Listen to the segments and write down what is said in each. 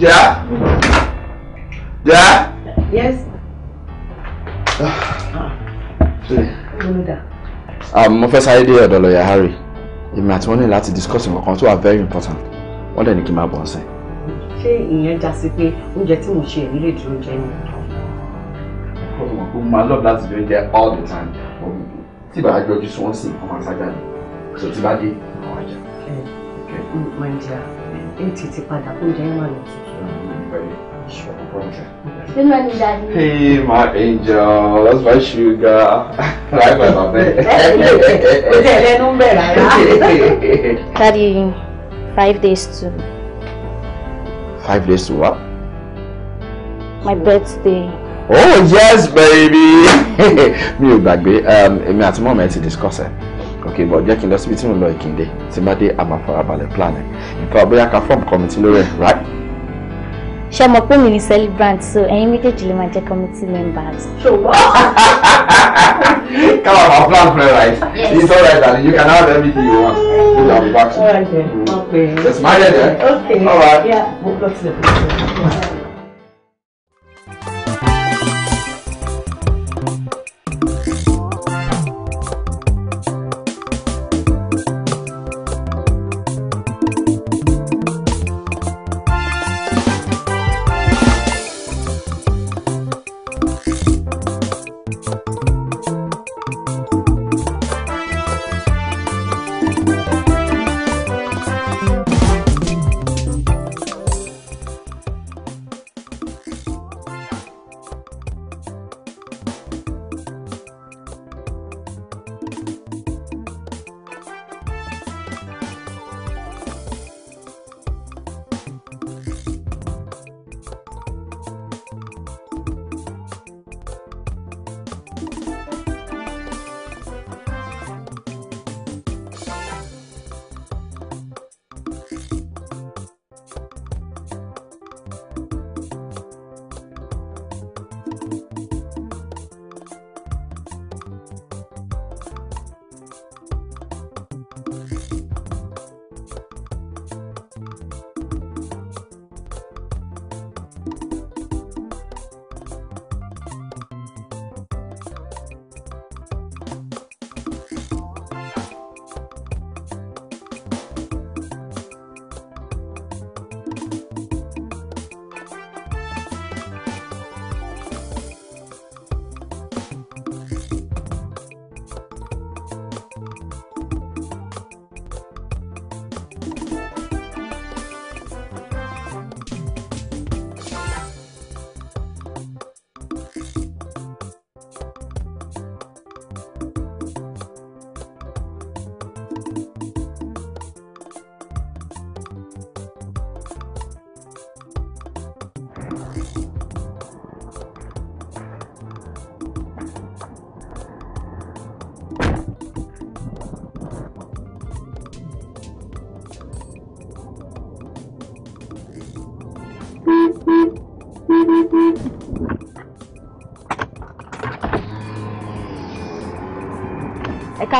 Jẹ́ Yeah. Yes. Ah. Mo fẹ́ sáré dé ọ̀dọ̀ lọ́ọ̀yà Harry. Èmi àti wọ́n ní to discuss nǹkan kan tó are very important. Wọ́n dẹ̀ ní kí n máa She ọ́sẹ̀. Ṣé ìyẹn já sí pé oúnjẹ tí mo ṣe èmi lè di oúnjẹ ni? Mo máa love láti di oúnjẹ all the time. Tí ìbára gbé ojú sun wọ́n sì ọmọ àṣájà ni. Sọ ti bá dé, àwọn àjà. Ẹ ẹ máa ń jẹ ètì ti padà oúnjẹ yẹn wà ní tuntun. Hey, my angel, that's my sugar. Right, my baby. daddy, five days to. Five days to what? My birthday. Oh yes, baby. Mi ò gbàgbé, um, èmi àti mọ́mọ́ ẹ ti discuss ẹ̀ okay but jẹ́ kí n lọ síbi tí mo lọ ìkíndé tí n bá dé àmàfarabalẹ̀ plan ẹ̀ nǹkan bóyá ká form committee lórí right ṣe mọ̀ pé mi ni celebrant so ẹ̀yin méjèèjì lè máa jẹ́ committee members. ṣùgbọ́n. come on plan for life. yes. it's alright, right darling you can have everything you want go down the back seat. all right then okay. let's marry there. okay all right. Yeah.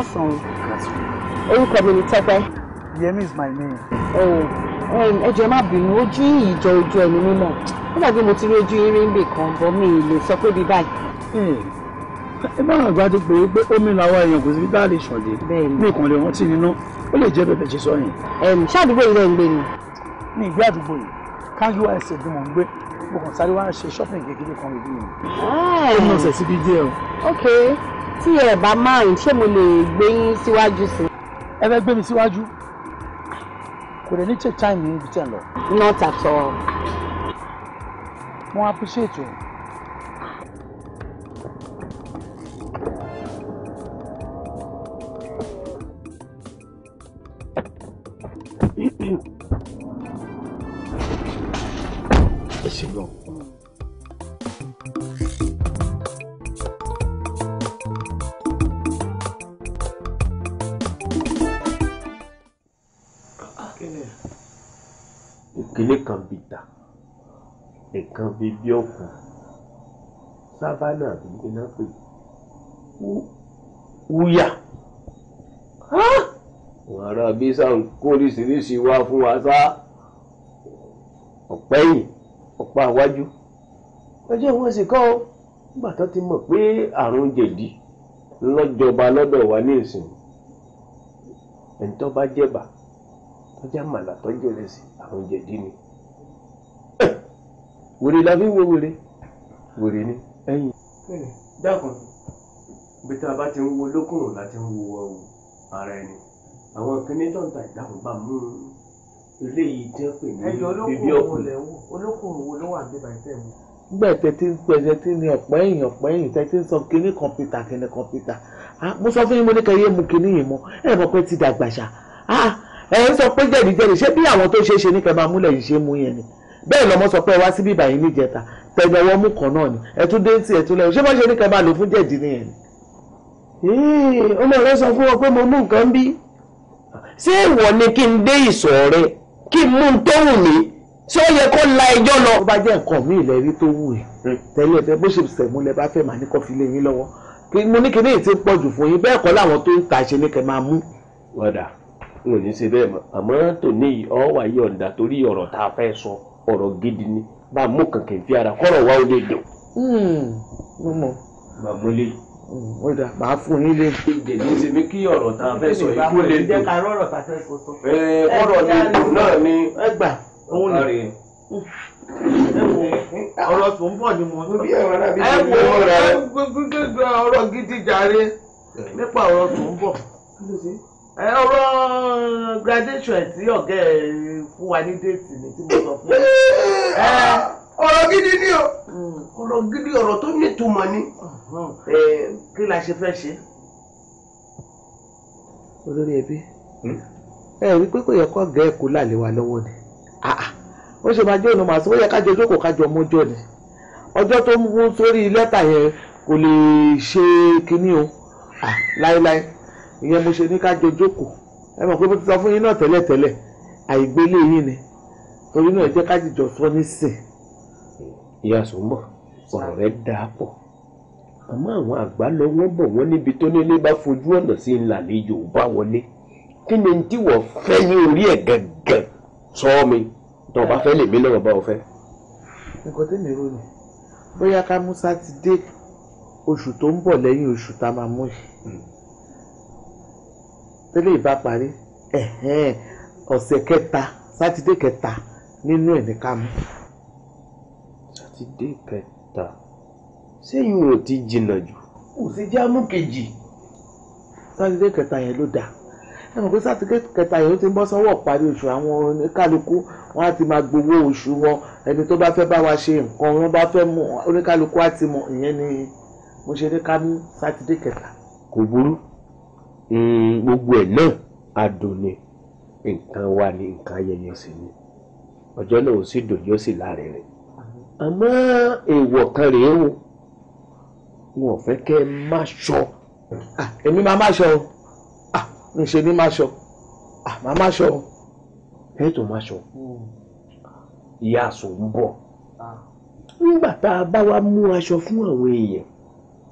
káàsán orúkọ mi ni Yemi is my name. Oh, um, ẹ jọ̀ọ́ má bínú ojú yìí jọ ojú ẹni mímọ́ nígbà tí mo ti rí ojú yín rí ń bè kan bọ́ mi lè sọ pé bí báyìí. Hmm. ẹ bá àwọn àgbàdo pé pé omi làwọn èèyàn kò sí dá lè ṣọ̀lẹ̀ ní ìkànnì wọn tì nínú ó lè jẹ́ bẹ̀bẹ̀ ṣe sọ yẹn. ṣáàdúgbò yìí lẹ́yìn gbé ni. ní ìgbé àdúgbò yìí kájú àìsè bí ń gbé mo sáré wá ṣe shopping kékeré kan ìlú mi. ó ní ọ̀sẹ̀ síbi díẹ̀ o. ok tí ẹ bá mind ṣé mo lè gbé yín síwájú sí. ẹ fẹ́ gbé mi síwájú kò dẹ̀ ní take time ní ibi tẹ̀ lọ. not at all. mo appreciate o. nǹkan bíi bí ọ̀kù sábànà àbí iná pè wúyà wọn ará bísà ń kó oríṣiríṣi wá fún wa sá ọ̀pẹ́ yìí ọ̀pá iwájú ọjọ́ wọn sì kọ́ ọ nígbà tó ti mọ̀ pé àrùn jẹ̀dí lọ́jọba lọ́dọ̀ wa ní ìsìn ẹni tó bá jẹ̀bà tó màlà tó jẹ̀rẹ̀ àrùn jẹ̀dí ni wèrè la fi ń wo wèrè wèrè ni ẹ̀yin. dákun bí tá a bá ti ń wo lókùnrùn láti ń wo um, ara ẹni àwọn kìíní tó ń ta ìdáhùn bá mú eléyìí tí wọ́n pè ní bíbí ọkùnrin. olókùnrùn wo ló wà níbà ìtẹ̀ mi. gbẹ̀ tẹ́tí ń pẹ̀jẹ́ tí ni ọ̀pọ̀ ẹ̀yìn ọ̀pọ̀ ẹ̀yìn tẹ́tí ń sọ kìíní kọ̀ǹpútà kìíní kọ̀ǹpútà mo sọ fún yín mo ní kẹ́ yé mu kìíní yìí mọ́ ẹ̀ mọ̀ pé ti dàgbà ṣá ẹ̀ ń sọ pé jẹ̀díjẹ̀dí ṣé bí àwọn tó ṣe é ṣe ní kẹ́ máa múlẹ̀ yìí ṣe é mú yẹn ni bẹ́ẹ̀ lọ́mọ sọ pé ẹ wá sí bíbá yìí níjẹta tẹ̀lé ọwọ́ mú kan náà ni ẹ tún dé tí ẹ tún lẹ́yìn ṣé bá ṣe ní kẹ́ẹ́ bá lò fún jẹ̀dí nìyẹn ni. ọmọ rẹ sọ fún wọn pé mo mú nǹkan bí. ṣé ìwọ ni kí n dé ìsọ̀ rẹ kí n mú un tó wù mí ṣé ó yẹ kó la ẹjọ́ lọ. tó bá jẹ́ nǹkan mi ilẹ̀ rí tó wù ẹ́ hmm. tẹ́lẹ̀ ẹ fẹ́ bó ṣe sẹ̀múlẹ̀ bá fẹ́ màá ní kọ́ fi lé yín lọ́wọ́ mo ní kí ní ìtí ṣe bẹ́ẹ̀ mọ́ àmọ́ tòní ọ̀ wáyé ọ̀dà torí ọ̀rọ̀ tá a fẹ́ sọ. ọ̀rọ̀ gidi ni bá a mú kankan fi ara kọ́rọ̀ wá ó lè dùn. mo mọ. bàmúlé. Hmm, ó dà máa fún un nílé. èdè kí ọ̀rọ̀ ta fẹ́ sọ yìí kó lè dùn. ẹ fẹ́ náà ni. ẹ gbà ọ̀rọ̀ graduation tí ọ̀gá ẹ̀ fún wa ní déètì ni tí mo sọ fún ẹ. ọ̀rọ̀ gidi ni o hmm. ọ̀rọ̀ gidi ọ̀rọ̀ tó nítumọ̀ ni hmm. kí la ṣe fẹ́ ṣe. olórí ẹbí hmm? ẹ rí pé kò yẹ kó ọ̀gá ẹ̀ kú làlẹ́ wa lọ́wọ́ ni ó ṣe máa jẹ́ ọ̀nà màá ó yẹ kájọ ojókòó kájọ ọmọjọ́ ni ọjọ́ tó ń mú sórí lẹ́tà yẹn kò lè ṣe kinní o láéláé. ìyẹn mo ṣe ní ká jọ jókòó ẹ mọ̀ pé mo ti sọ fún yín náà tẹ́lẹ̀tẹ́lẹ̀ àìgbélé yín ni torí náà jẹ́ ká jìjọ sọ nísìn. ìyá sọ́mbọ̀ ọ̀rọ̀ rẹ̀ dáa pọ̀ àmọ́ àwọn àgbà lọ wọ́n bọ̀ wọ́n níbi tó nílé bá fojú ọ̀nà sí ńlá àlejò bá wọlé kí ni tí wọ́n fẹ́ ní orí ẹ̀ gẹ̀gẹ̀ sọ mi tó bá fẹ́ lèmi náà bá ọ fẹ́. nǹkan tẹ́mi rò ní bóyá ká mú sátidé oṣù tó ń bọ̀ lẹ́yìn oṣù tá a máa mú yìí hmm tẹ́lẹ̀ ìbá parí ọ̀sẹ̀ kẹta sátidé kẹta nínú ẹ̀ ní ká mú. sátidé kẹta sẹ́yìn ò ti jìnnà jù. kò sí jámù kejì sátidé kẹta yẹn ló dáa ẹ mọ̀ pé sátidé kẹta yẹn ó ti ń bọ́ sọ́wọ́ parí oṣù àwọn oníkálukú wọn á ti máa gbowó oṣù wọn ẹni tó bá fẹ́ bá wa ṣe nǹkan wọn bá fẹ́ mú oníkálukú á ti mọ ìyẹn ni mo ṣe ní ká mú sátidé kẹta. kò burú Hmm, gbogbo ẹ̀ náà adùn ni nǹkan wa ni nǹkan ayẹyẹ sì ni ọjọ́ náà ò sì dùn yóò sì lárinrin àmọ́ èèwọ̀ kan rèé o wọn ò fẹ́ kẹ́ ẹ má ṣọ èmi máa má ṣọ o ṣe ni má ṣọ máa má ṣọ o ẹ tó má ṣọ ìyá àṣọ ń bọ̀ nígbà tá a bá wa mú aṣọ fún àwọn èèyàn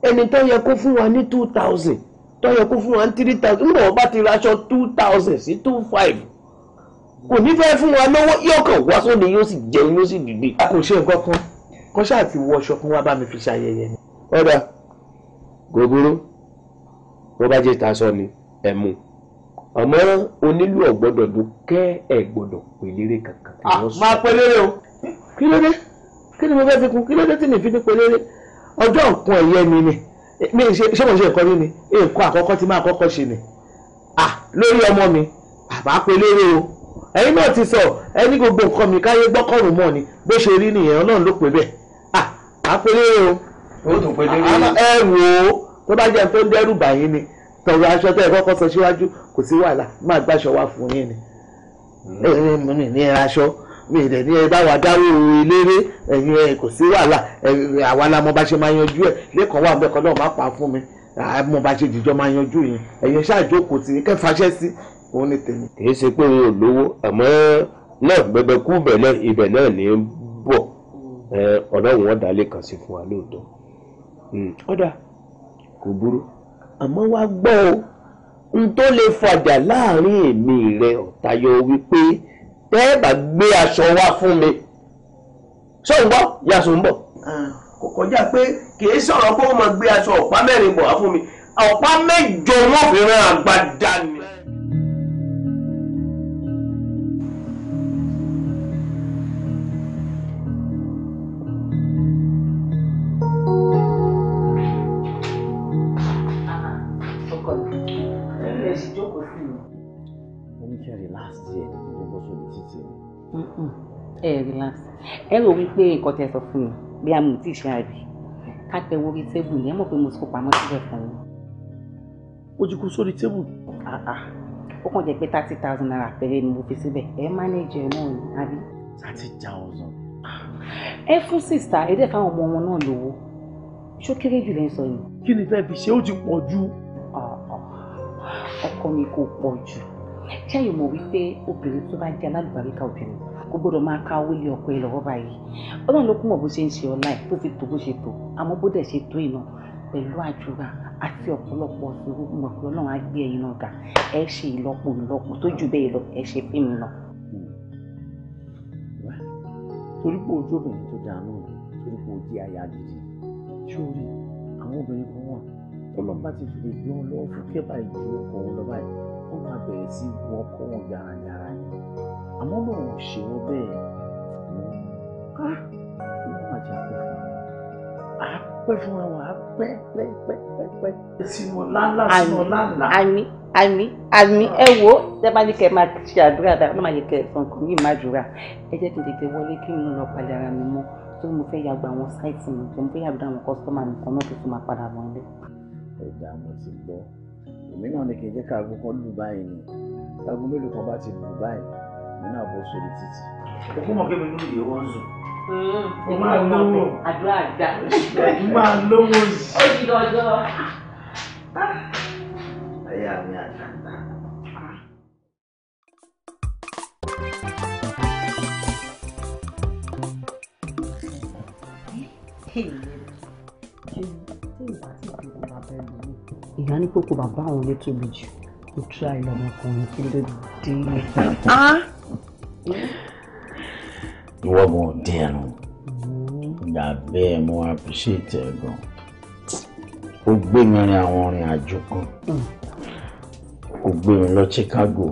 ẹni tó yẹ kó fún wa ní two thousand tó yẹ kó fún wa ní three thousand nígbà wọn bá ti raṣọ two thousand sí two five kò ní fẹ́ fún wa lọ́wọ́ yóò kàn wá sóde yóò sì jẹun yóò sì dìde. a kò ṣe nǹkan kan kó ṣáà ti wọ aṣọ fún wa bá mi fi ṣayẹyẹ ni. ọ̀dà gògóró bó bá jẹ́ ta sọ ni ẹ̀ mú àmọ́ onílù ọ̀gbọ́dọ̀ dùn kẹ́ ẹ̀ gbọ́dọ̀ pèlérè kankan. máa pèlérè o kí ló dé kí ni mo fẹ́ fi kún kí ló dé tí mi fi ní pèlérè ọjọ́ nǹkan ẹ̀yẹ mi ni mi ṣé mo ṣe nǹkan yín ni nǹkan àkọ́kọ́ tí máa kọ́kọ́ ṣe ni lórí ọmọ mi bàbá pé lérè o ẹ̀yin náà ti sọ ẹni gbogbo nǹkan mi káyé gbọ́kànrún mọ́ ni bó ṣe rí nìyẹn náà ló pè bẹ́ẹ̀ à pé lérè o ẹ wò ó tó bá jẹ́ tó ń dẹ́rù bàyín ni tọrọ aṣọ tẹ́ ẹ kọ́kọ́ sọ síwájú kò sí wàhálà máa gbàṣọ wá fún yín ni hmm. ẹ̀yin mi ní aṣọ mi ìdẹ̀ ní ẹ bá wa dárò eléré ẹ̀yin ẹ̀ kò sí wàhálà àwa la mọ̀ bá ṣe máa yanjú ẹ̀ lẹ́kọ̀ọ́ wà bẹ́ẹ̀ kọ́ náà má pa fún mi àmọ́ bá ṣe dìjọ́ máa yanjú yẹn ẹ̀yin ṣáàjókòó tì í kẹfàṣẹ́ sí òun ni tèmi. kì í ṣe pé òun ò lówó àmọ́ náà gbẹgbẹ kú ibẹ̀ náà ibẹ̀ náà ní í bọ̀ ọ̀dọ̀ wọn dalẹ̀ kàn sí fún wa lóòótọ́ ọ̀dà hmm, kò burú àmọ́ wá gbọ́ o n tó lè fàjà láàrin èmi rẹ ọ̀tayọ wípé bẹ́ẹ̀ bá gbé aṣọ wá fún mi ṣé ń bọ̀ yasọ ah. ń bọ̀. kò kọjá pé kìí sọ̀rọ̀ pé ó máa gbé aṣọ ọ̀pá mẹ́rin bọ̀ wá fún mi ọ̀pá mẹ́jọ wọ́n fi rán agbádá ni. ẹ rò wípé nǹkan tẹ sọ fún mi bí a mò tí ì ṣe àbí ká tẹ wọrí tébù ni ẹ mọ̀ pé mo ti kó pamọ́ síbẹ̀ fún yín. ojú kú sórí tébù. ó kàn jẹ́ pé thirty thousand naira péré ni mo fi síbẹ̀ ẹ mánéjì ẹ náà ni àbí. thirty thousand. ẹ fún sista ẹ dẹ̀ fáwọn ọmọ wọn náà lówó ṣó kéré jù lẹ́yìn sọ yìí. kí ni fẹ́ẹ́ fi ṣe ó ti pọ̀ jù. ọkọ mi kò pọ̀ jù ṣé ìmọ̀ wípé obìnrin tó bá jẹ́ alálùbáríkà obìnrin kò gbọ́dọ̀ máa ka owó lé ọkọ ẹ lọ́wọ́ báyìí ọlọ́run ló kún mọ̀ bó ṣe ń ṣe ọlá ẹ̀ tó fi tó bó ṣe tó àmọ́ bó dẹ̀ ṣe tó ìná pẹ̀lú àjùra àti ọ̀pọ̀lọpọ̀ ìṣòro mọ̀ pé ọlọ́run á gbé ẹyin náà ga ẹ ṣe ìlọ́po ìlọ́po tó jù bẹ́ẹ̀ lọ ẹ ṣe fíìmù náà. Hmm. torí pé ojú obìnrin tó dáa náà ni torí pé ojú aya gidi sórí àwọn obìnrin kan wà tọ́lọ́mbà ti fi lè gbé wọn lọ́wọ́ fún kẹ́bà àmọ́ lòun ò ṣe ọ bẹ́ẹ̀ á ah. wọ́n máa jẹ́ àpẹ́ fún wa àpẹ́ fún wa àpẹ́ pẹ́pẹ́pẹ́ sínú lálá sínú lálá. àmì àmì àmì ẹ wo tẹ bá ní kẹ máa ṣe àdúrà dáa ọlọ́mọ àyè kẹ ẹ̀sán kò ní ìmáa jùlọ ẹ jẹ́ kí n tètè wọlé kí n lọ palẹ̀ ara mi mọ́ tó mo fẹ́ ya gba àwọn sáìtì mi tó mo fẹ́ ya gba àwọn kọ́sítọ́mà mi kan náà tó tún máa padà bọ̀ nílé. ẹ̀dá mo ti gbọ́ èmi náà ni kì í jẹ́ káàgó kan lù báyìí ni káàgó mélòó kan bá ti lù báyìí mi náà bọ́ sórí títì. òkú mọ̀ kébì ló yẹ wọ́n zùn. Hmm, mo máa lówó àdúrà àgbà. mo máa lówó sí. ó di ọjọ́. Ah, ayé mi àtàtà. ìyá ní kókó bàbá àwọn lè jù ó tíra ìlọmọkùnrin kí ló dé. Ah! You want more dinner? ẹnu gbà bẹ́ẹ̀ mo appreciate ẹ gan ó gbé mi rin àwọn orin àjò kan ó Chicago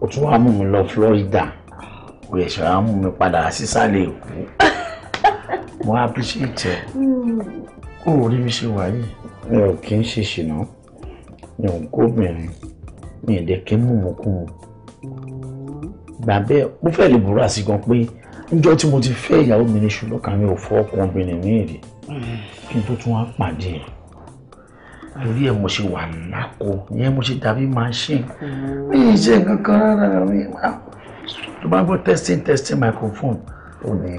ó tún wá mú Florida ó yẹ ṣe wá mú mi padà sísàlẹ̀ èkó mo appreciate ẹ ó rí mi ṣe wà yìí mi ò kí ń ṣe ṣìnà mi ò kóbìnrin mi gbà bẹ́ẹ̀ mo fẹ́ lè búra sí gan pé níjọ́ tí mo ti fẹ́ ìyàwó mi ní ṣùgbọ́n kàmí ò fọ́ ọkùnrin mi rí kí n tó tún wá pàdé ẹ̀ torí ẹ̀ mo ṣe wà lákò ìyẹn mo ṣe dàbí machine mi ì ṣe nǹkan kan rárá mi tó bá gbọ́ testing testing microphone ó ní.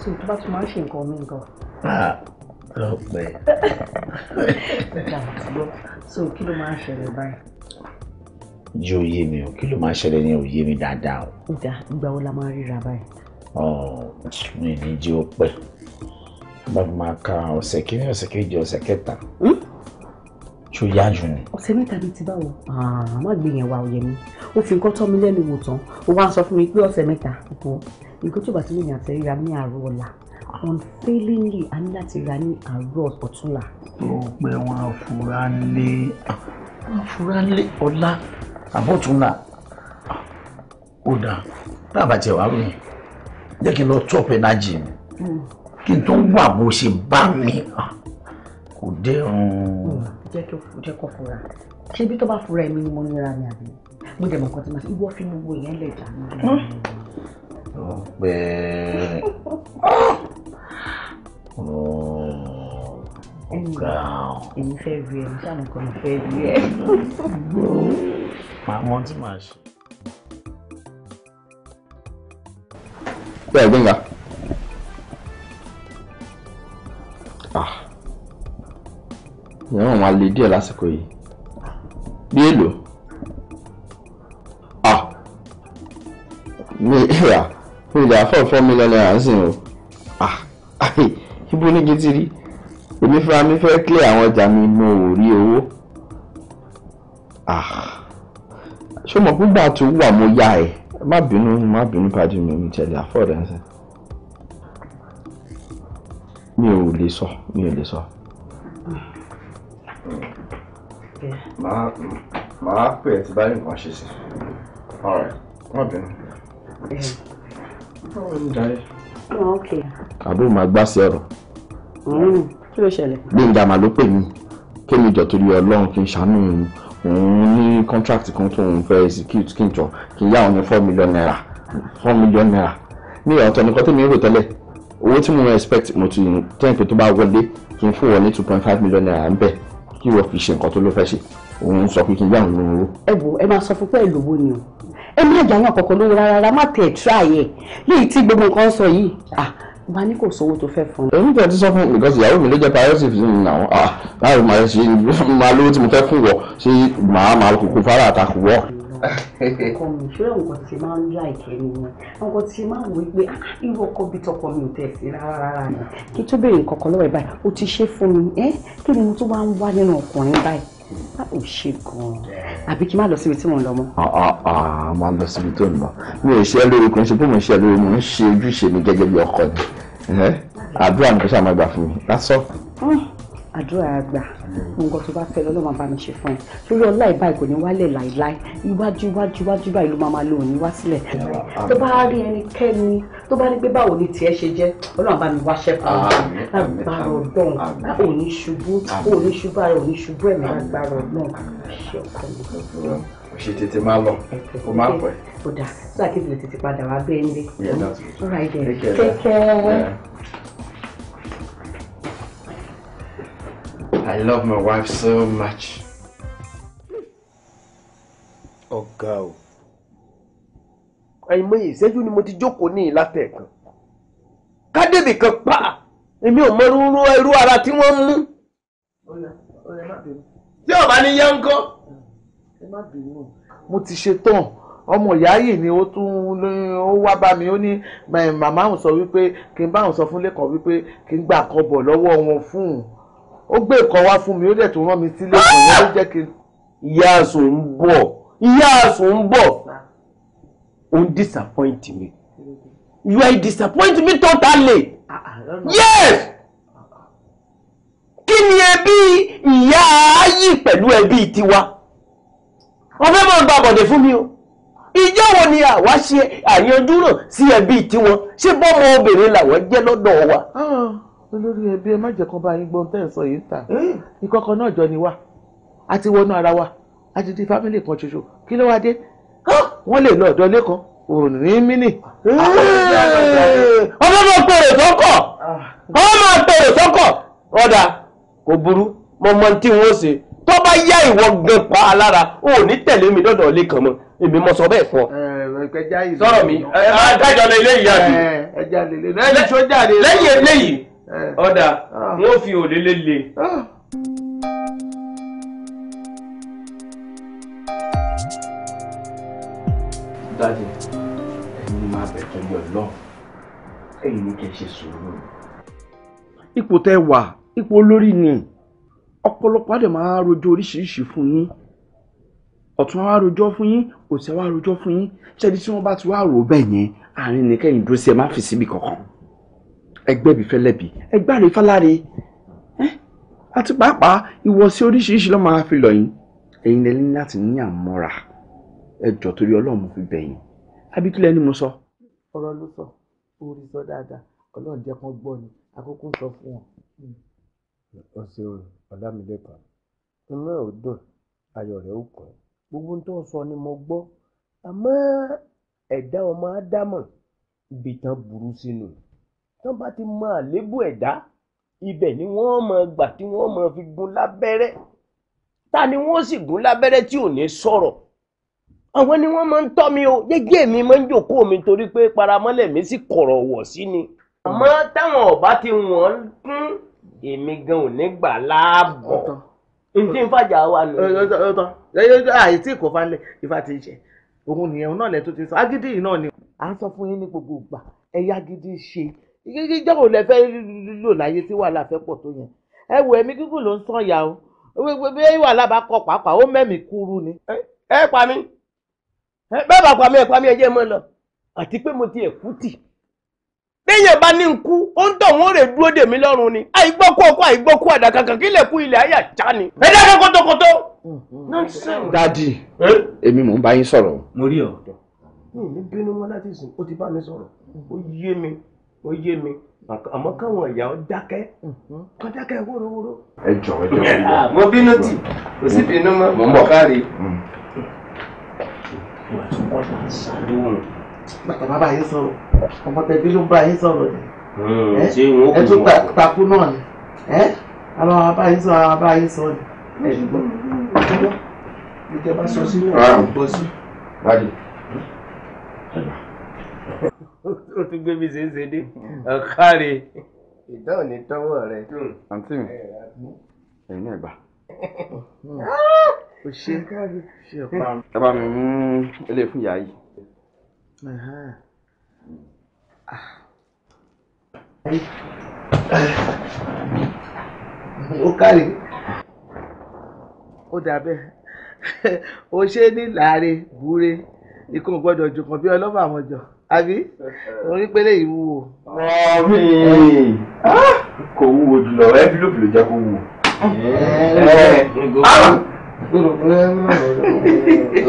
so tó bá tún máa ń ṣe nǹkan mi gan. lọ so kí ló máa ń ṣẹlẹ̀ báyìí jí òye mi o kí ló máa ṣẹlẹ̀ ní òye mi dáadáa o. ó dáa ìgbà wo la máa ríra báyìí. ọ mi ní jí ó pẹ́ bá mi máa ka ọ̀sẹ̀ kìíní ọ̀sẹ̀ kejì ọ̀sẹ̀ kẹta tó hmm? yájú ni. ọ̀sẹ̀ mẹ́ta bíi ti báwo má gbé yẹn wá òye mi ó fi nǹkan tọ́ mi lẹ́nu wò tán ó wá sọ fún mi pé ọ̀sẹ̀ mẹ́ta kò nǹkan tó bá ti lè yàn àtẹ̀ríra ní àárọ̀ ọ̀la unfailingly a ní láti ra ní àárọ̀ ọ̀túnla. ó pẹ́ wọn afuralé afuralé ah, ọ̀la àbọ̀túnlá ó dáa tábà tiẹ̀ wá ròyìn jẹ́ kí n lọ top energy mi kí n tó wà bó ṣe bá mi kò dé ọ̀hún. jẹ́ kó fura ṣé bí tó bá fura èmi ni mo nira mi àbí mo dẹ̀ mọ̀ nǹkan tí mo ṣe ìwọ fi mi wo ìyẹn lè jà mí. Hm? ọ̀pẹ. èmi fẹ́ rí ẹ nígbà nìkan mo fẹ́ rí ẹ. màá mọ tí màá Ah, bẹ́ẹ̀ gbẹ̀ngà. ìyẹn wọn máa le Ah, lásìkò yìí bí èlò ah. mi ìrà mi ìdá fọ́ọ̀fọ́ Ah, náírà ń sìn o ibo ní gidi rí onífàmì fẹ́ clear àwọn ọjà mi mo ò rí owó ah. ṣé mo gbúgbà tó wà mo yá ẹ má bínú má bínú pàdé mi mi tẹ̀lé àfọ̀dẹ̀ ń sẹ́ mi ò lè sọ mi ò lè sọ. màá màá pè ẹ tí bá ní nǹkan ṣe sí ọ̀rẹ́ má bínú. báwo ni jàre. Oh, kàbó máa gbá sí ọ̀rọ̀. Mm kí ló ṣẹlẹ̀. gbẹ̀ngà màá ló pè mí kémi jọ torí ọlọ́run kí n ṣàánú òun ní contract kan tó ń fẹ́ execute kí n jọ kí n yá òun ní four million naira four million naira ní ọ̀tọ̀ nìkan tèmi rò tẹ́lẹ̀ owó tí mo expect mo ti tẹ́yìn pé tó bá wọlé kí n fún wọn ní two point five million naira ń bẹ̀ kí wọ́n fi ṣe nǹkan tó ló fẹ́ ṣe òun sọ pé kí n yá òun lówó. ẹ wo ẹ máa sọ fún pé ẹ lówó ni o ẹ má jàyàn kọ̀ọ̀kan lówó rárá má tẹ̀ tíráyẹ̀ léyìí tí gbogbo nǹkan sọ yìí bá ní kò sówó tó fẹ́ fún un. èmi tẹ̀ ti sọ fún mi because ìyàwó mi ló jẹ́ priority fún mi náà ah báwo máa ṣe máa lówó tí mo fẹ́ fún wọ ṣé màá máa kókó fara àtàkù wọ. ọkọ mi ṣé nǹkan tí máa ń yá ìkẹ́ ni wọn nǹkan tí máa ń wí pé ah, irú ọkọ bíi tọkọ mi ò tẹ̀ sí rárá ni kí tó béèrè nǹkan lọ́wọ́ ẹ̀ báyìí o ti ṣe fún mi kí ni mo tún wá ń wá nínú ọkùnrin báyìí ò ah, ṣe gan-an àbí kí n má lọ síbi tí mò ń lọ mọ́. Ah, ah, má lọ síbi tó ń lọ mi ò ṣe é lórí kan ṣe bí mo ṣe é lórí mo ń ṣe ojúṣe mi gẹ́gẹ́ bí ọkọ ni àdúrà nǹkan ṣàmàgbà fún mi lásán. Hmm àdúrà àgbà nǹkan tó bá fẹ́ lọ́nà máa bá mi ṣe fún ẹ lórí ọlá ìbá ìgò ní wálẹ̀ láìláì iwájú iwájú iwájú báyìí ló máa máa lò ní wá sílẹ̀ tó bá rí ẹnikẹ́ni tó bá ní pé báwo ni tiẹ̀ ṣe jẹ́ ọlọ́run bá mi wáṣẹ́ fún ọ lágbára ọdún ò ní ṣubú ò ní ṣubú ara ò ní ṣubú ẹ̀mí lágbára ọdún ṣe ọkọ mi. ṣe tètè máa lọ kó má pẹ́. ó dà sáà kí n tètè padà wá bẹ́ẹ̀ ń lé. I love my wife so much. Ọ̀gá o. Àìmọye ìṣẹ́jú ni mo ti jókòó ní ìlàtẹ̀ kan. Kádébì kan pa èmi ò mọ irú irú ara tí wọ́n mú. Tí ọ̀bá ní yá ń kọ́. Mo ti ṣe tán ọmọ ìyá yìí ni ó tún ó wá bá mi ó ní màmá òun sọ wípé kí n bá òun sọ fún lẹ́kọ̀ọ́ wípé kí n gbà kọ́ bọ̀ lọ́wọ́ wọn fún un ó gbé ìkan wá fún mi ó dẹ̀ tó rán mi sílé kan ló jẹ́ kí ìyá àsùn ń bọ̀ ìyá àsùn ń bọ̀ ó ń disappoint me you are disappoint me totally yes kí ni ẹbí ìyá ayé pẹ̀lú ẹbí tiwa wọ́n fẹ́ máa gba àbọ̀dẹ̀ fún mi o ìjọ wo ni àwa ṣe àyànjú náà sí ẹbí tiwọn ṣé bọ́mọ obìnrin làwọn jẹ́ lọ́dọ̀ wa olórí ẹbí ẹ má jẹ́ kán bá yín gbọ́n tẹ́ ẹ̀ sọ yìí ń tà náà jọ ni wá a ti wọnú ara wa a ti di fámìlì kan ṣoṣo kí ló wá dé wọ́n lè lọ ọ̀dọ́ lẹ́kọ̀ọ́ òní mínì. ọmọ máa pèrè sọ́kọ̀ ah. ọmọ máa pèrè sọ́kọ̀ ọ̀dà kò burú mo mọ tí n ó ṣe tó bá yá ìwọ gan pa alára ò ní tẹ̀lé mi dọ́dọ̀ ilé kan mọ́ èmi mo sọ bẹ́ẹ̀ fún ọ sọ̀rọ̀ mi ẹ máa lé ìyá mi. lẹ́yìn lẹ́yìn ọ̀dà eh. wọ́n ah. fi òlélẹ̀ lé. Ah. dájú ẹni máa bẹ̀ tọ́jú ọlọ́run ẹ̀yin ní kẹ́ ṣe sùúrù. ipò tẹ́ wà ipò olórí ni ọ̀pọ̀lọpọ̀ àdè máa rojọ́ oríṣiríṣi fún yín ọ̀tún àwa rojọ́ fún yín òsì àwa rojọ́ fún yín ṣẹ́ni tí wọ́n bá ti wá rò bẹ́ẹ̀ yẹn àárín nìkẹ́yìn dúró sí ẹ má fi síbi kankan ẹgbẹ́bí fẹ́lẹ́bí ẹgbàre fáláre àti pàápàá ìwọ̀sí oríṣiríṣi ló máa fi lọ́yìn ẹ̀yin lẹ́ni láti ní àmọ́ra ẹjọ́ torí ọlọ́run fi bẹ̀yìn abíkílẹ̀ ni mo sọ. ọ̀rọ̀ ló sọ orí sọ dáadáa ọlọ́run jẹ́ kán gbọ́ ni àkókò sọ fún wọn. o ṣeun ọlámilẹ́kan inú ẹ̀ ò dùn ayọ̀ rẹ̀ ò kún gbogbo tó ń sọ ni mo gbọ́ àmọ́ ẹ̀dá ọmọ ádámọ̀ ibìtàn burú sínú tán bá ti mọ àléébù ẹ̀dá ibẹ̀ ni wọ́n mọ gbà tí wọ́n mọ fi gún lábẹ́rẹ́ ta ni wọ́n sì gún lábẹ́rẹ́ tí ò ní sọ̀rọ̀ àwọn ni wọ́n máa ń tọ́ mi o gẹ́gẹ́ mi máa ń jòkó mi torí pé paramọ́lẹ̀ mi sì kọ̀rọ̀ wọ̀ sí ni. àmọ́ táwọn ọ̀bá ti wọ́n kún èmi gan ò ní gbà láàbọ̀ ntí ń fàjà wa nù. àìsí kò falẹ̀ ifá ti ṣe òun nìyẹn náà lẹ́tọ́ ti sọ agídí yìí náà ni. à ń sọ fún yín ní gbogbo ìgbà ẹ̀yà gidi ṣe ìjọ wo lẹ fẹ́ lò láyé tí wàhálà fẹ́ pọ̀ tó yẹn ẹ wo ẹ̀mí gígùn ló ń sàn yà o bí wàhálà bá kọ pàápàá ó mẹ́mí kúrú ni. ẹ pa mí bẹ́ẹ̀ bá pa mí ẹ pa mí ẹ jẹ́ mọ́ lọ àti pé mo ti ẹ̀ kú tì téèyàn bá ní nkú ó ń tàn wọ́n rè dúró dè mí lọ́rùn ni àìgbọ́kú ọkọ àìgbọ́kú àdàkàkàn kí lè kú ilẹ̀ ayé àjá ni. ẹ dákẹ́ kótókótó. dadi èmi mò ń bá yín sọ̀rọ̀. mo rí ọ. mi ò ní bínú wọn láti sìn ó ti bá ó yé mi àmọ́ káwọn ìyá ọ dákẹ́ mhm. kọ́ dákẹ́ wórówóró. ẹ jọ ẹ jọ ẹ jọ. mo bínú tì kò sí bínú mọ́ mo mọ̀ káre. ìwà tó wọ́n máa ń ṣàdéhùn. Mm. bàtà bàbá yín sọ̀rọ̀ ọmọ tẹ̀bí ló bá yín sọ̀rọ̀ ni. Mm, ẹ tún takú náà ni àwọn bàbá yín sọ àwọn bàbá yín sọ ni. ìjọba sọ sínú ọ̀rọ̀ ah. gbọ́ o tún gbé mi ṣe é ṣe dé ọ̀káre. ìdá ò ní tọ́wọ́ rẹ. Hmm. àǹtí mi ẹ̀yin náà gbà. Ah! o ṣe ṣe ọ̀pá. ẹ bá mi mú ilé fún ìyá yìí. ó káre. ó dà o ṣe ní láre búre ikú gbọ́dọ̀ jù kàn bí ọlọ́mọ àwọn jọ àbí mo rí pélé yìí wúwo. ọ̀mí ah, kò wúwo jùlọ envelope ló jẹ́ kó wúwo. Eh, eh. Ah!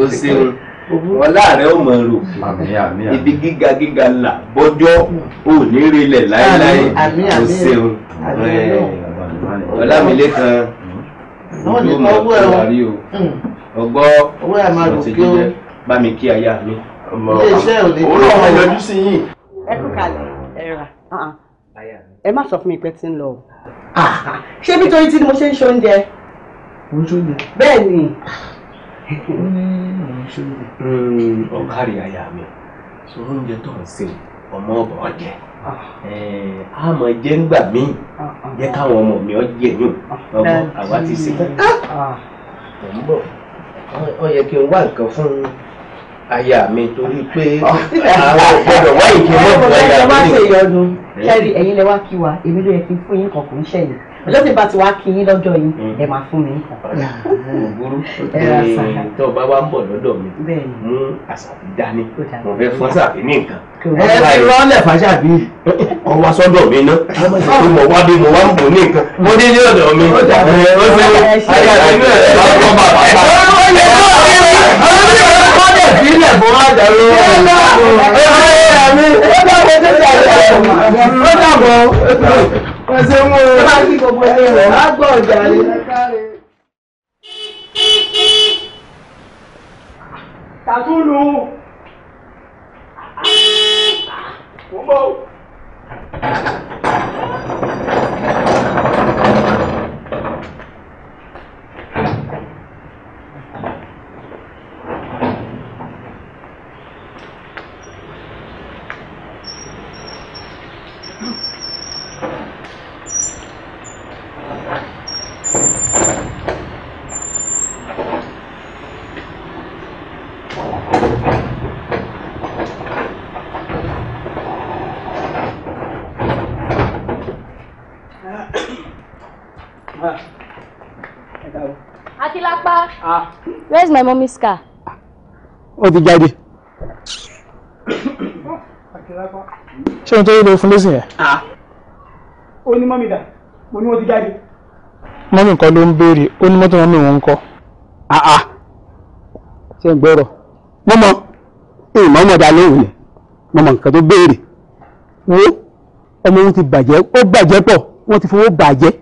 o ṣeun wọn láàrẹ ò mọ rò ibi gíga gíga là bọ́jọ́ ò ní relẹ̀ láéláé o ṣeun ọlámilé kan ojú ọmọ tó wà rí o ọgbọ́ ọtí jíjẹ bá mi kí aya mi ilé iṣẹ́ ò lè dé. òun náà yọjú sí yín. ẹ kú kalẹ̀ ẹ rà uh-uh. ẹ má sọ fún mi pé tí ń lọ o. Ah. ṣé nítorí tí mo ṣe ń ṣe oúnjẹ. mo ń ṣe oúnjẹ. bẹ́ẹ̀ ni. ó ní mo ń ṣe oúnjẹ. ọ̀gá hmm, rí aya mi sọ oúnjẹ tó ń sè ọmọ ọ̀bọ̀ ọ̀jẹ̀ ah. a mọ̀ jẹ́ ńgbà míì ah, jẹ́ káwọn ọmọ mi ọ jẹ yùn ọmọ àwa ti ṣe tán. ọ̀ ń bọ̀ ọ yẹ kí n wá nǹkan fún un aya mi torí pé oh. àwọn ọ̀gbọ́dọ̀ wá ìdí mọ́tò ẹ̀yà mi. ẹ̀yin lè wá ṣe ìyọnu eh? kẹ́rì ẹ̀yin lè wá kí wa èmi ló yẹ kí n fún yín kankan ń ṣẹ̀yìn ọjọ́ tí bá ti wá kí yín lọ́jọ́ yìí mm. ẹ máa fún mi nǹkan. ògbóró eh, tó o bá wá ń bọ̀ lọ́dọ̀ mi mú àṣàbí dání mo fẹ́ fún àṣàbí ní nǹkan. ẹ ẹ lọ́lẹ̀ fàṣàbí ọwọ́ sọ́dọ̀ mi ná mo wá bí mo wá ń bò ní nǹkan mo dé ní ọ̀dọ̀ mi. ó eh, ṣe ayé àti ìlú ẹ̀ lọ́kọ́ bàbá ẹ̀rọ ẹ̀rọ mi ó dàbọ̀ tó ṣe àjẹ́ ó dàbọ̀ ó ṣe mú o. ó bá kí gbogbo ẹ̀ rẹ̀ á gbọ́ ọ̀jà rẹ̀. tàtúlù mo bọ́. Where's my mommy's car? Oh, the daddy. Ṣé ohun tó yẹ lọ fún lẹ́sìn yẹn? Ó ní mọ́mí dà, mo ní wọ́n ti jáde. Mọ́mí nǹkan ló ń béèrè, ó ní mọ́tò mọ́mí òun ń kọ́. Ṣé ń gbọ́rọ̀? Mọ́mọ́, ìmọ̀ ọmọ ọ̀dà lóhùn ni, mọ́mọ́ nǹkan tó béèrè. Wo ọmọ òun ti bàjẹ́, ó bàjẹ́ pọ̀, wọ́n ti fowó bàjẹ́.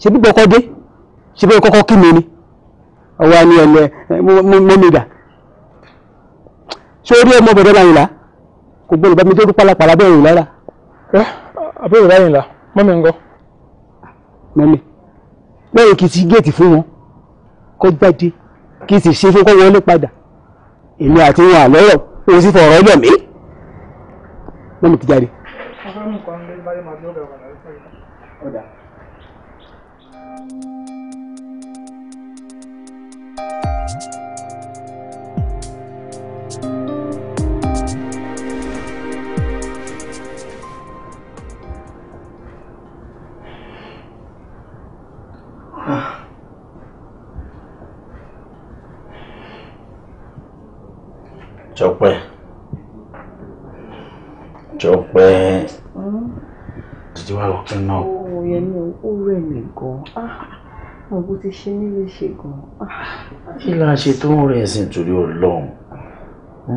Ṣé bí gbọ́kọ́ dé? Ṣé bí kọ́kọ́ kí mi ni? ọwọ́ ni ẹ̀lẹ́ mọ́mìdà ṣé orí ọmọ bẹ̀rẹ̀ láyìn là kò gbọ́dọ̀ bá mi dérú pálapàla bẹ́ẹ̀ rìn lára. ẹ abẹ́rẹ́ láyìn là mọ́mì ń gọ́. mọ́mì lẹ́yìn kì í ti géètì fún wọn kó jáde kì í sì ṣe fún kó wọlé padà èmi àti wọn àlọ́rọ̀ òun sì fọ̀rọ̀ ọ̀dọ̀ mi mọ́mì ti jáde. ọ̀rọ̀ mi kọ́ Chopé. Chopé. Did you have a clean up? Oh, you know, already go. Ah. ọ̀bù ti ṣe mí léṣe gan-an. kí la ṣe tó ń rìn ẹ̀sìn torí ọlọ́run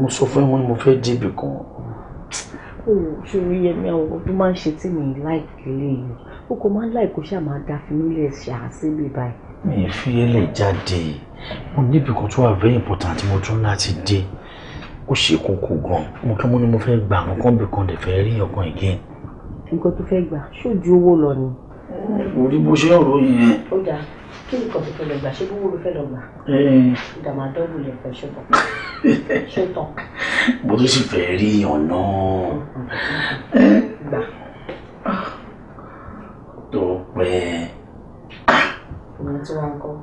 mo sọ fún wọn mo fẹ́ dìbì kan. o ò ṣòro yẹmi àwọn ọdún máa ń ṣe tí mi láìpẹ́ lẹ́yìn o kò máa ń láì kó ṣáà máa dáa fún ilé ṣáà síbi báyìí. mi ì fi ẹlẹ jáde mo níbi kan tó wà very important mo tún láti dé ó ṣe kókó gan mo kí mo ní mo fẹ́ gbà nǹkan bí kan lè fẹ́ rí ọkàn again. nǹkan tó fẹ́ gbà ṣojú owó lọ ni. orí bó ṣe ọ̀rọ̀ yẹn. ó dáa kí ni kọ̀tù fẹ́ lọ gbà ṣé búwo ló fẹ́ lọ gbà. ìdààmú àdọ́gbò lè fẹ́ ṣọ́tàn. ṣọ́tàn. bó ló sì fẹ́ rí ọ̀nà. gbà. tó pẹ́. ìyẹn tí wọ́n ń kọ́.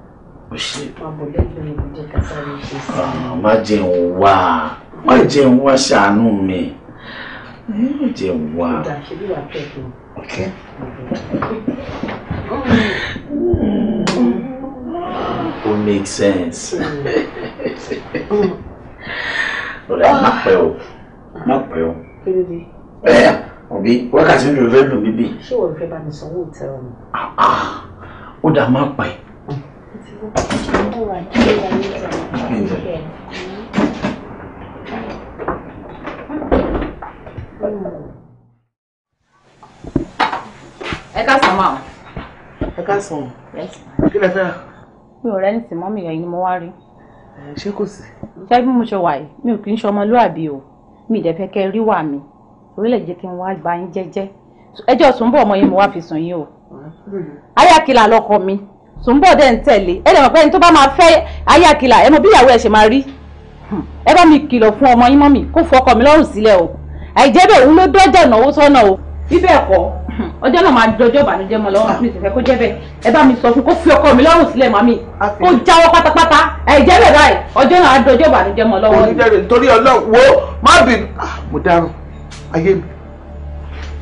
o ṣe. wọn bò lẹ́gbẹ̀ẹ́ mi kò jẹ́ ká sáré ṣe sí. Ah, má jẹun wá má jẹun wá ṣàánú mi má jẹun wá. ìdàṣẹ́ bí wàá pẹ̀ ok. Mm ó make sense. Mm. ọ̀rẹ́ má ah. pẹ́ o má pẹ́ o. ẹ òbí wákàtí mi ò fẹ́ lù mí bì. ṣé wọ́n fẹ́ bá mi sanwó ìtẹ́rọ mi. Ah, ah. ó dà má pẹ́. ẹ ká sàn máa. ẹ ká sàn. kí lè fẹ́ rà mi ò rẹ́ni tì mọ́ mi ẹ̀yìn ni mo wá rí. ṣé kò sí. ṣé bí mo ṣe wà yìí mi ò kì í ṣe ọmọlúàbí o mi ìdẹ fẹ́ kẹ́ rí wà mi orílẹ̀ jẹ́ kí n wá gba yín jẹ́jẹ́ ẹjọ́ Sùnbọ̀ ọmọ yìí mo wá fi sùn yín o. ayákìlà lọkọ mi Sùnbọ̀ dẹ̀ ń tẹ̀lé ẹ̀ dẹ̀mọ̀ pé ẹni tó bá máa fẹ́ ayákìlà ẹ̀ mọ̀ bí ìyàwó ẹ̀ ṣe máa rí ẹ bá mi kìlọ̀ fún ọmọ yín mọ́ mi kó fọkọ mi lọ́rùn sílẹ̀ o àìjẹ́ bẹ́ẹ̀ òun ló dọ́jà ìnáwó sọ́nà o bíbẹ̀ ẹ̀kọ́ ọjọ́ náà máa jọjọ́ ìbànújẹ́ mọ́ lọ́wọ́ mi sì fẹ́ kó jẹ́ bẹ́ẹ̀ ẹ bá mi sọ fún kó fi ọkọ mi lọ́rùn sílẹ̀ màmí kó jáwọ́ pátápátá ẹ̀jẹ̀ bẹ̀ báyìí ọjọ́ náà á jọjọ́ ìbànújẹ́ mọ́ lọ́wọ́ mi. onídẹ̀rẹ̀ nítorí Ọlọ́run wo má bínú ah, mo dáràn ayé mi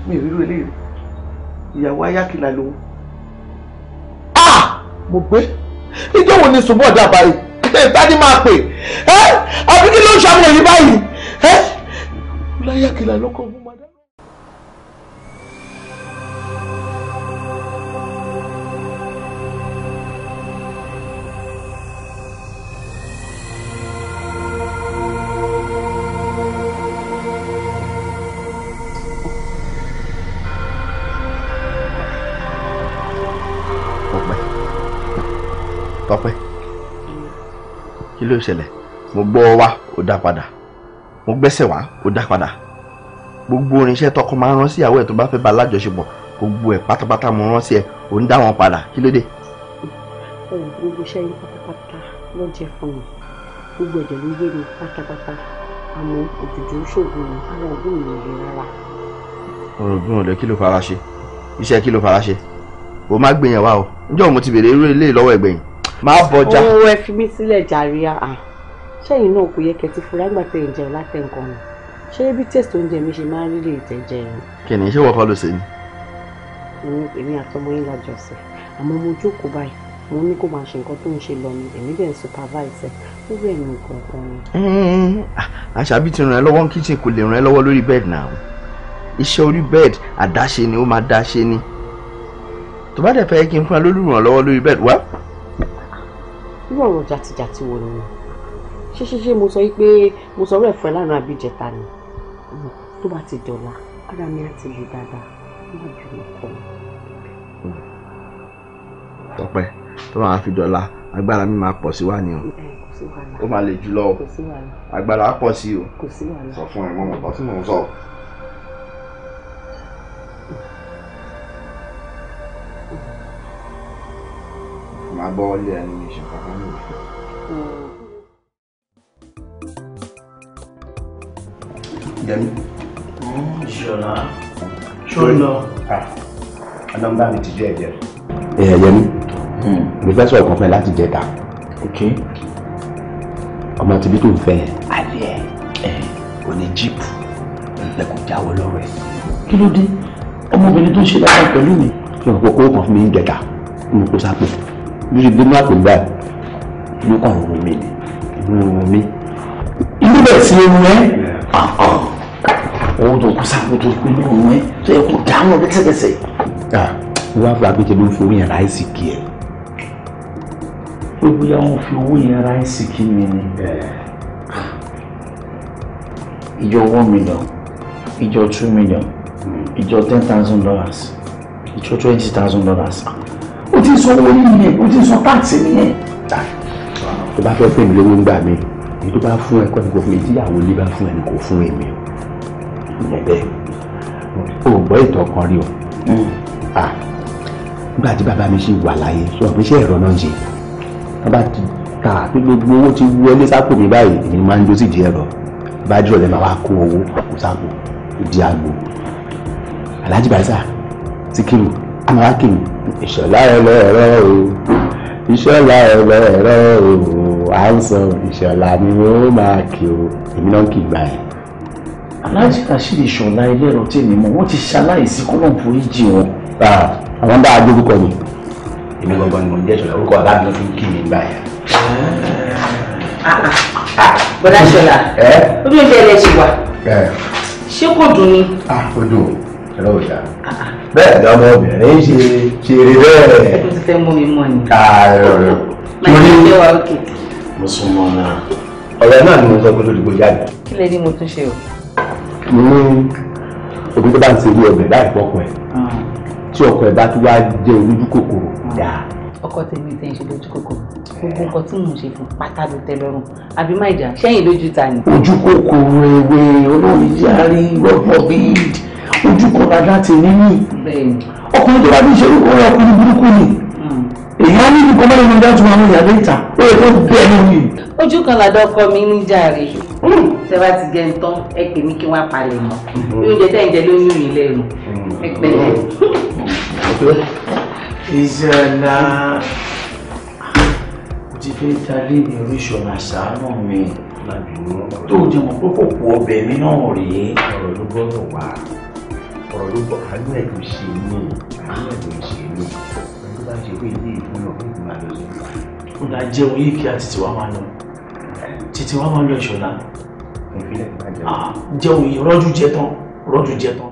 mi ò rírú eléyìí ìyàwó ayákìlá lòun. Ah, mo gbé ìjọ wo ni sùnmọ́ ọ̀dà báyìí tani máa pè ẹ́ àbí kí ló ń ṣàmùlẹ̀ yìí báyìí ẹ́ láyákìlá lọ́kọ̀ọ́ tọ́pẹ́ kí ló ṣẹlẹ̀ mo gbọ́ wá ó dá padà mo gbẹ́sẹ̀ wá ó dá padà gbogbo irinṣẹ́ tọkọ máa ń rán sí ìyàwó ẹ̀ tó bá fẹ́ bá lájọṣepọ̀ gbogbo ẹ̀ pátápátá mo rán sí ẹ ò ń dá wọn padà kí ló dé. ohun gbogbo iṣẹ́ yín pátápátá ló jẹ fún mi gbogbo ẹ̀jẹ̀ ló yé mi pátápátá àmọ́ òjòjò ṣògùn mi àwọn òbí mi ò rárá. ọ̀rọ̀ òbí kí ló fara ṣe iṣẹ́ kí ló fara ṣe o má gbìyànjú wa o níjọ́ mo ti bèrè irú ilé lọ́wọ́ ẹ̀gbẹ̀yìn máa bọjà. owó ẹ fi mí sílẹ̀ jàre à ṣẹ́yìn náà kò yẹ kẹtí fúra nígbà tẹ̀ ń jẹun látẹ̀ nǹkan mi ṣé bí tẹ̀sítọ̀ oúnjẹ mi ṣe máa ń rí lè tẹ̀ jẹ. kìnìún ṣé wọ́n kọ́ ló ṣe ni. èmi èmi àtọmọ yín la sẹ àmọ́ mo jókòó báyìí mo ní kó máa ṣe nǹkan tó ń ṣe lọ ni èmi dẹ̀ ń supervise ẹ̀ lórí ẹ̀mí kankan ni. àṣàbí ti ràn ẹ́ lọ́wọ́ kíchìn kò lè ràn ẹ́ lọ́wọ́ lórí bẹ́ẹ̀dì náà iṣẹ́ orí bẹ́ẹ̀dì àdáṣe ni ó máa dáṣe ni tó bá dẹ̀ fẹ́ kí n fún ẹ lólùrànlọ́wọ́ lórí bẹ́ẹ̀dì wá irú ọ̀rọ̀ jàtijàti wo ni ṣé ṣé ṣé mo sọ pé mo sọ ọ̀rọ̀ ẹ̀fọ́ ẹ̀ lánàá àbíjẹta ni tó bá ti dọ̀la ara mi á ti lè dáadáa má jù mí kọ́ Tọ́pẹ́ hmm. tó máa fi dọ̀la agbára mi máa pọ̀ sí wa ni o ó máa le jù lọ o agbára á pọ̀ sí o sọ fún ẹ mọ́ mọ́ bá tí mò sọ. màá bọ́ wọlé ẹni mi ṣe kankan mi ò fẹ́. Jẹ́mi. Ṣọlá. Ṣọlá. Anọ́mbà mi ti jẹ́ ẹ̀jẹ̀. Ẹ̀yẹ̀ Jẹ́mi. Hmm. Mo fẹ́ sọ̀rọ̀ kan fún ẹ láti jẹta. Ọmọ tibí tó ń fẹ́ yẹn. Alẹ́ ẹ̀ òní jíìpù ẹ kò jáwọ́ lọ́rọ̀ ẹ̀. kí ló dé ọmọbìnrin tó ń ṣe dáadáa pẹ̀lú mi. kí ọ̀pọ̀ kó kàn fún mi ń jẹta lórí gbóná àpèǹbà inú kan rún mi ni inú rún mi inú bẹ̀rẹ̀ sí ní rún ẹ́ owó tó kú sáfù tó kú inú rún ẹ́ tó yẹ kó dáhùn lẹ́sẹ̀kẹsẹ̀. wọ́n á fọ agbẹ́jẹ́ ló ń fi owó yẹn ra ẹ̀sì kí ẹ. ó bóyá wọ́n fi owó yẹn ra ẹ̀sì kí mi ni. ìjọ one million ìjọ two million ìjọ ten thousand dollars ìjọ twenty thousand dollars ń sọ owó yìí nìyẹn o ti ń sọ táàsì nìyẹn. tó bá fẹ́ pè mí lówó ń gbà mí èyí tó bá fún ẹ kọ́ ni kò fún mi tíyàwó ilé bá fún ẹ ni kò fún èmi o ìyẹn bẹ́ẹ̀ o gbọ́ ìtàn kan rí o hmm. nígbà tí bàbá mi ṣì wà láyé sọ pé iṣẹ́ ẹ̀rọ náà ń ṣe bàbá ti ta pé gbogbo owó ti wọlé sápò mi báyìí èmi máa ń jó sí ìdí ẹ̀rọ bá jùlọ lẹ́nu àwa kó owó àpò sápò ìdí àgbo Alhaji Barrister máàkì ìṣọ̀lá ẹlẹ́rọ o ìṣọ̀lá ẹlẹ́rọ o à ń sọ ìṣọ̀lá ni ó máa kí o èmi náà kì í gbà yẹn. aláàjì Rasheed ìṣọ̀lá ẹlẹ́rọ tèmi mọ̀ wọ́n ti ṣaláìsí kọ́lọ́ọ̀mù foríjì wọn. àwọn bá a dórúkọ ni èmi gbọ́dọ̀ ni mo ń jẹ́ ìṣọ̀lá orúkọ aláàbí ló fi ń kí mi gbà yẹn. Ah, ah, ah. bọ́dá ṣọlá orí oúnjẹ rẹ̀ ṣe wà ṣé kò dùn ni. kò dùn ẹ̀rọ ìjà ah, ah. bẹ́ẹ̀ ni ọmọbìnrin ṣe ṣeré bẹ́ẹ̀. mo ti fẹ́ mú mi mọ́ ni. ààrẹ rẹ torí mo sún mọ́ náà ọ̀rẹ́ náà ni mo sọ pé lórí gbòjáde. kí lè ní mo tún ṣe o. mo ní òbí tó bá ń ṣe ilé ọbẹ̀ báyìí fọkàn ẹ̀ ah. tí ọkọ ẹ̀ bá tún wá jẹ́ olójú kòkòrò dáa ọkọ tèmi tẹ̀ ń ṣe lójú kòkò gbogbo nǹkan tí mò ń ṣe fún pátá ló tẹ́ lọ́rùn àbí má ìjà sẹ́yìn lójú ta ni. ojú kòkòrò ewé olórí yára rọ́pọ̀ bíi ojú kan dáadáa ti ní ọkùnrin tó bá bí ṣe orúkọ rẹ ọkùnrin burúkú ni hmm. èyí á ní ìdíkọ mọ́lẹ́ ní ọjọ́ tó máa ń ó yẹ kó bí ẹni wí. ojú kan làdọ́ ọkọ mi ní jàre hmm. tẹ bá ti gẹ ń tán ẹ pè mí kí wọ́n á palẹ̀ mọ́ hmm. oúnjẹ tẹ́ ń jẹ ló mi lẹ́nu ẹ pẹ̀lẹ́. Ìṣẹ̀lá na, ti fẹ́ dalé ní oríṣọ̀nà ṣàánú mi tó o jẹ mọ̀ pé kò kú ọbẹ̀ mi náà rèé. ọ̀rọ̀ ló gbọ́dọ̀ wá ọ̀rọ̀ ló gbọ́ àánú ẹ̀ ló ṣe mí àánú ẹ̀ ló ṣe mí ẹni bá ṣe pé ilé ìfúnná fún ìgbà ló ṣe mí. ó dáa jẹun yìí kí a tètè wá máa lọ tètè wá máa lọ Ìṣọ̀lá. Ah. jẹun yìí rọ́jú jẹ tán rọ́jú jẹ tán.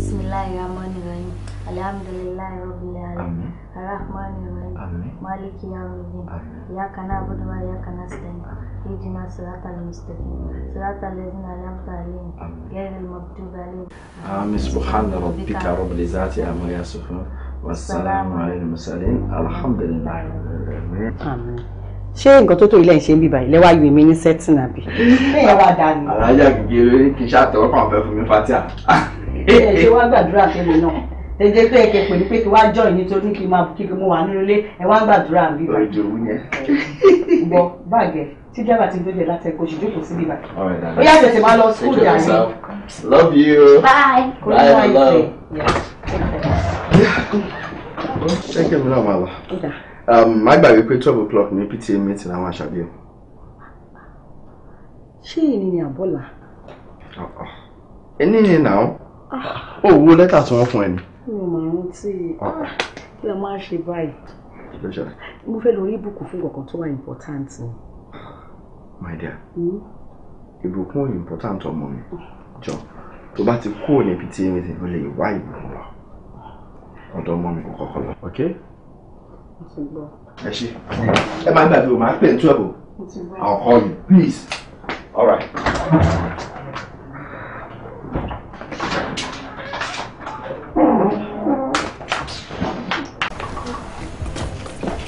Bismillahirrahmanirrahim. Alhamdulillahi rabbil alamin. Arrahmanirrahim. Maliki yawmiddin. Iyyaka na'budu wa iyyaka nasta'in. Ihdina siratal mustaqim. Siratal ladzina an'amta alaihim ghayril maghdubi alaihim. Amin. Subhana rabbika rabbil izzati amma yasifun. Wassalamu alal mursalin. Alhamdulillahi rabbil alamin. Amin. ṣé nǹkan tó tó ilé ìṣe bíbá ilé wa yìí mi ní sẹ́tìn àbí. bẹ́ẹ̀ wá dànù. alájà gègé kì í ṣàtẹ̀wọ́pọ̀ àwọn fẹ́ mi fatia ẹ eh, ṣe eh. wá gbàdúrà tèmi náà ẹ pé ẹkẹ pè pé kí wá jọ ìní torí kí máa kí mo wà nínú ilé ẹ wá gbàdúrà mi. ọjọ́ òun yẹn. gbọ́ báàgẹ̀ tí dẹ́rẹ́bà ti dójú ẹ̀ láti ẹ̀kọ́ oṣù síbí bá. ó yà tètè máa lọ school jà ní. love you. bye. kò ní wá ìfẹ́. ṣé kí n náà máa lọ? má gbàgbé pé twelve o'clock ní PTA meeting àwọn àṣàbíyẹ. ṣé èyí ni àbọ̀là? ẹni uh-uh. ni náà. Ah. o oh, wo lẹ́tà tí wọ́n fún ẹ ni. mo máa rántí ah, kí ló máa ṣe báyìí mo fẹ́ lọ rí ìbùkún fún kankan tó wà important my dear hmm? ìbùkún ò important ọmọ mi jọ tó bá ti kúrò níbi tí èmi ti lè wá ìbùkún lọ ọ̀dọ̀ ọmọ mi kò lọ. ok. ẹ ṣe ẹ máa gbàgbé o máa pè ní twelve o I'll call you please all right.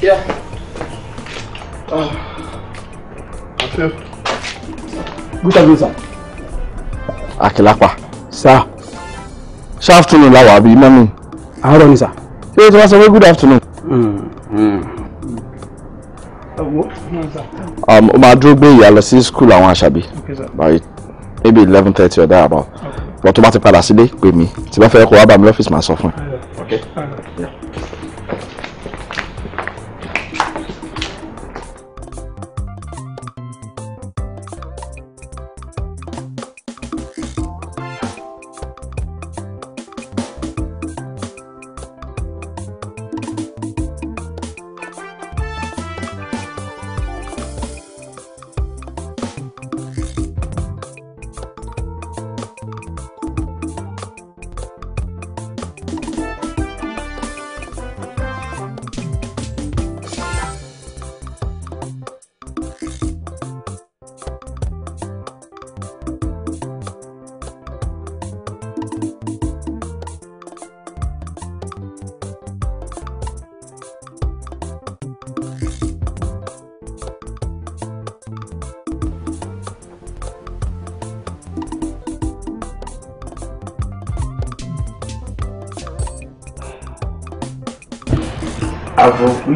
Yeah. Ah. I feel. Good afternoon, sir. Akilapa. Sir. Ṣé afternoon la wà bí mẹ́nu? Àárọ̀ ni sà. Ṣé o ti wá sọ pé hmm, hmm. Um. afternoon? Ó máa dúró gbé ìyá lọ sí school àwọn àṣàbí. By maybe eleven thirty or there about. Bọ̀ tó bá ti padà sílé pè mí. Tí bá fẹ́ kó wá bá mi lọ́fíìsì máa sọ fún ẹ. Okay. okay. Yeah.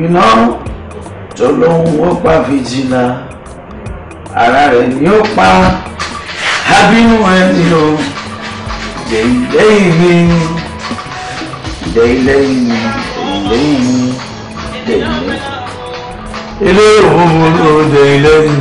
iná tó lóhun ó pa fìjìlá ara rẹ̀ ni ó pa abínú ẹni o dèyìlẹ́yìn mi dèyìlẹ́yìn mi dèyìlẹ́yìn mi dèyìlẹ́yìn. ilé ìwòwò ló dèyìlẹ́yìn.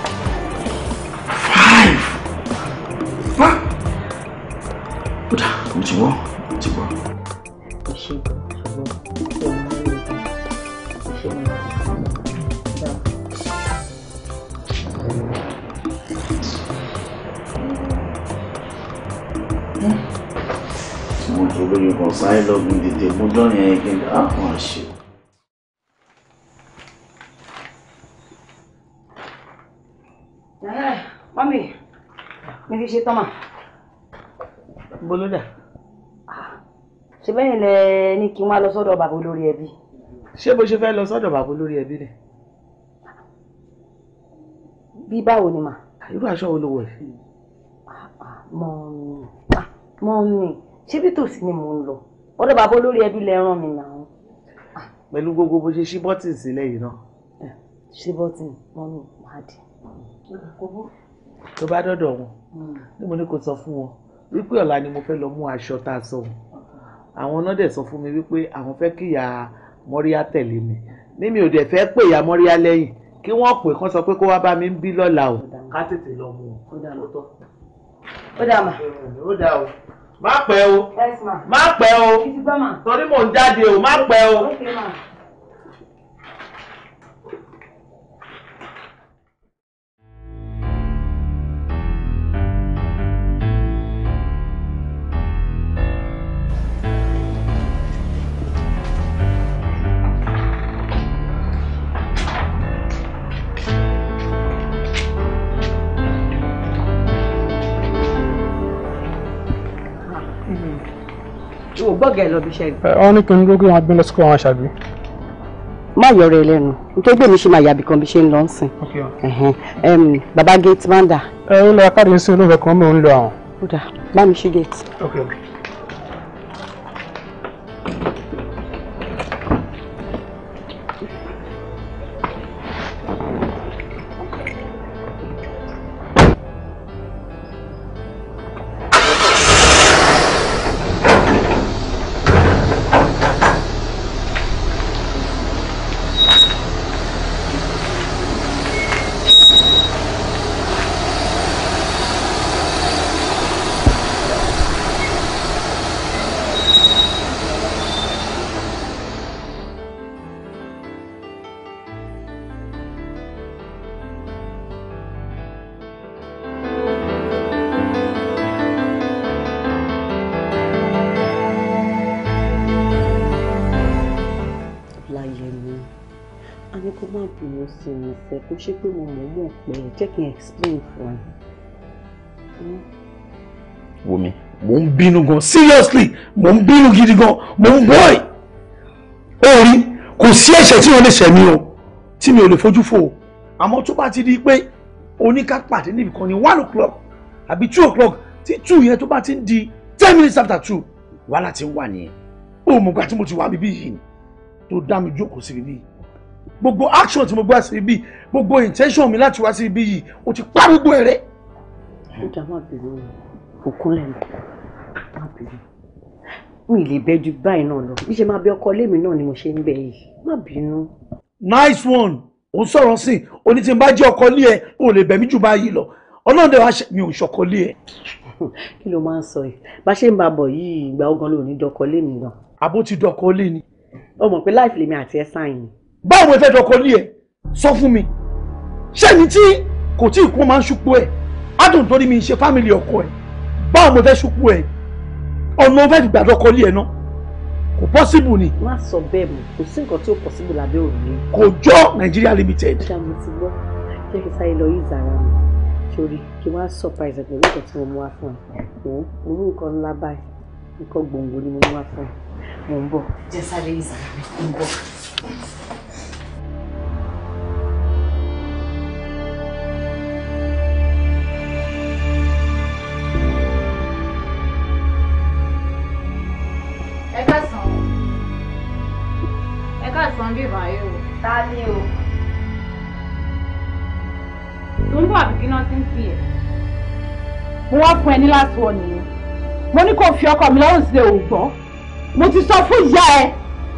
níbo ló dà. Ah, ṣé bẹ́ẹ̀ lẹ ní kí n wá lọ sọ́dọ̀ bàbá olórí ẹbí. ṣé bó ṣe fẹ́ lọ sọ́dọ̀ bàbá olórí ẹbí rẹ̀. bí báwo ni mà. Ah, irú aṣọ wo ló wọ̀ ẹ́. mọ̀ mi mọ̀ mi ṣé bí tòsí ni mò ń lọ ọ̀dọ̀ bàbá olórí ẹbí lẹ rán mi nà án. Ah. pẹ̀lú gbogbo bó ṣe ṣí bọ́tìn sílẹ̀ yìí náà. ṣí bọ́tìn mọ́ mi má dì. tó bá dọ́dọ̀ wọn hmm. níbo ni kò sọ fún wọn wípé ọ̀la ni mo fẹ́ lọ mú aṣọ tá a sọ àwọn náà dẹ̀ sọ fún mi wípé àwọn fẹ́ kí ìyá mọ́ríyá tẹ̀lé mi ní mi ò dẹ̀ fẹ́ pè ìyá mọ́ríyá lẹ́yìn kí wọ́n pè kán sọ pé kó wá bá mi ń bí lọ́la o ká tètè lọ mú un. ó dà o má pẹ́ o má pẹ́ o torí mò ń jáde o má pẹ́ o. o gbọ́gẹ̀ lọ bí iṣẹ́ rẹ̀. wọ́n ní kí n dúró kí wọ́n gbé lọ sí kó wọn ṣàbí. má yọrọ ẹ lẹ́nu nítorí pé mi ṣe máa yàbí kan bí ṣe ń lọ ń sìn. baba gate manda. ẹ ó lọ káàdì ń sìn olóòfẹ kan mò ń lọ àwọn. bá mi ṣí gate. ṣe pé mo mọ̀ mọ̀ pé jẹ́ kí n explain fún ẹ. wo mi mo ń bínú gan seriously mo ń bínú gidi gan mo ń bọ́ ẹ̀ ó rí kò sí ẹ̀ṣẹ̀ tí wọ́n lè ṣẹ̀ mí o tí mi ò lè fojú fò àmọ́ tó bá ti di pé oníkápàdé níbìkan ní one o'clock àbí two o'clock tí two yẹn tó bá ti ń di ten minutes after two wàhálà ti wà nìyẹn ó mọ̀ gbà tí mo ti wà níbí yìí tó dá mi jókòó sí ibi yìí gbogbo action tí mo gbà sí ibi gbogbo intention mi láti wá sí ibi yìí o ti pa gbogbo ẹ̀rẹ́. ó jà má bèrè òkú lẹ́nu má bèrè mi ì lè bẹ ju báyìí náà lọ bí ṣe máa bẹ ọkọ lémi náà ni mo ṣe ń bẹ yìí má bínú. nice one òun sọ̀rọ̀ sí oní tí n bá jẹ́ ọkọ lé ẹ o lè bẹ̀ mí jù báyìí lọ ọlọ́run dẹ̀ wá ṣe mi ò ṣọkọ lé ẹ. kí ló máa ń sọ yìí bá ṣe ń bá bọ̀ yìí ìgbà ogun ló ní dọkọ lé mi náà. àbó ti dọkọ lé ni. o mọ̀ pé láìpẹ́ lèmi àti ẹ sáyìn báwo mo fẹ́ dọkọ lé ẹ sọ fún mi ṣé ni tí kò tí ì máa ń ṣùpọ̀ ẹ̀ adùn torí mi ṣe fámìlì ọkọ ẹ̀ báwo mo fẹ́ ṣùpọ̀ ẹ̀ ọ̀nà fẹ́ gbà dọkọ lé ẹ náà kò possible ni. má sọ bẹ́ẹ̀ mọ̀ kò sí nǹkan tí ó possible lábẹ́ òní. kò jọ Nigeria limited. ṣé mo ti gbọ́ ṣé kí sáyé lọ yìí zara mi sórí kí wọ́n á surprise pẹ̀lú nǹkan tí mo mú wá fún ẹ wò ó mo rú nǹkan ńlá báyìí nǹkan gbòǹgbò ni mo mú wá fún ẹ mo ń bọ̀. jẹ́ sáré yìí zara mi ń bọ̀. kan bí ìbáyé o. ta ni o. tó ń bọ̀ àbíkí náà ti ń fi ẹ̀. mo wá fún ẹ ní láti wọ nìyẹn mo ní kó fi ọkọ mi lọ́rùn sílẹ̀ ò gbọ́ mo ti sọ fún ìyá ẹ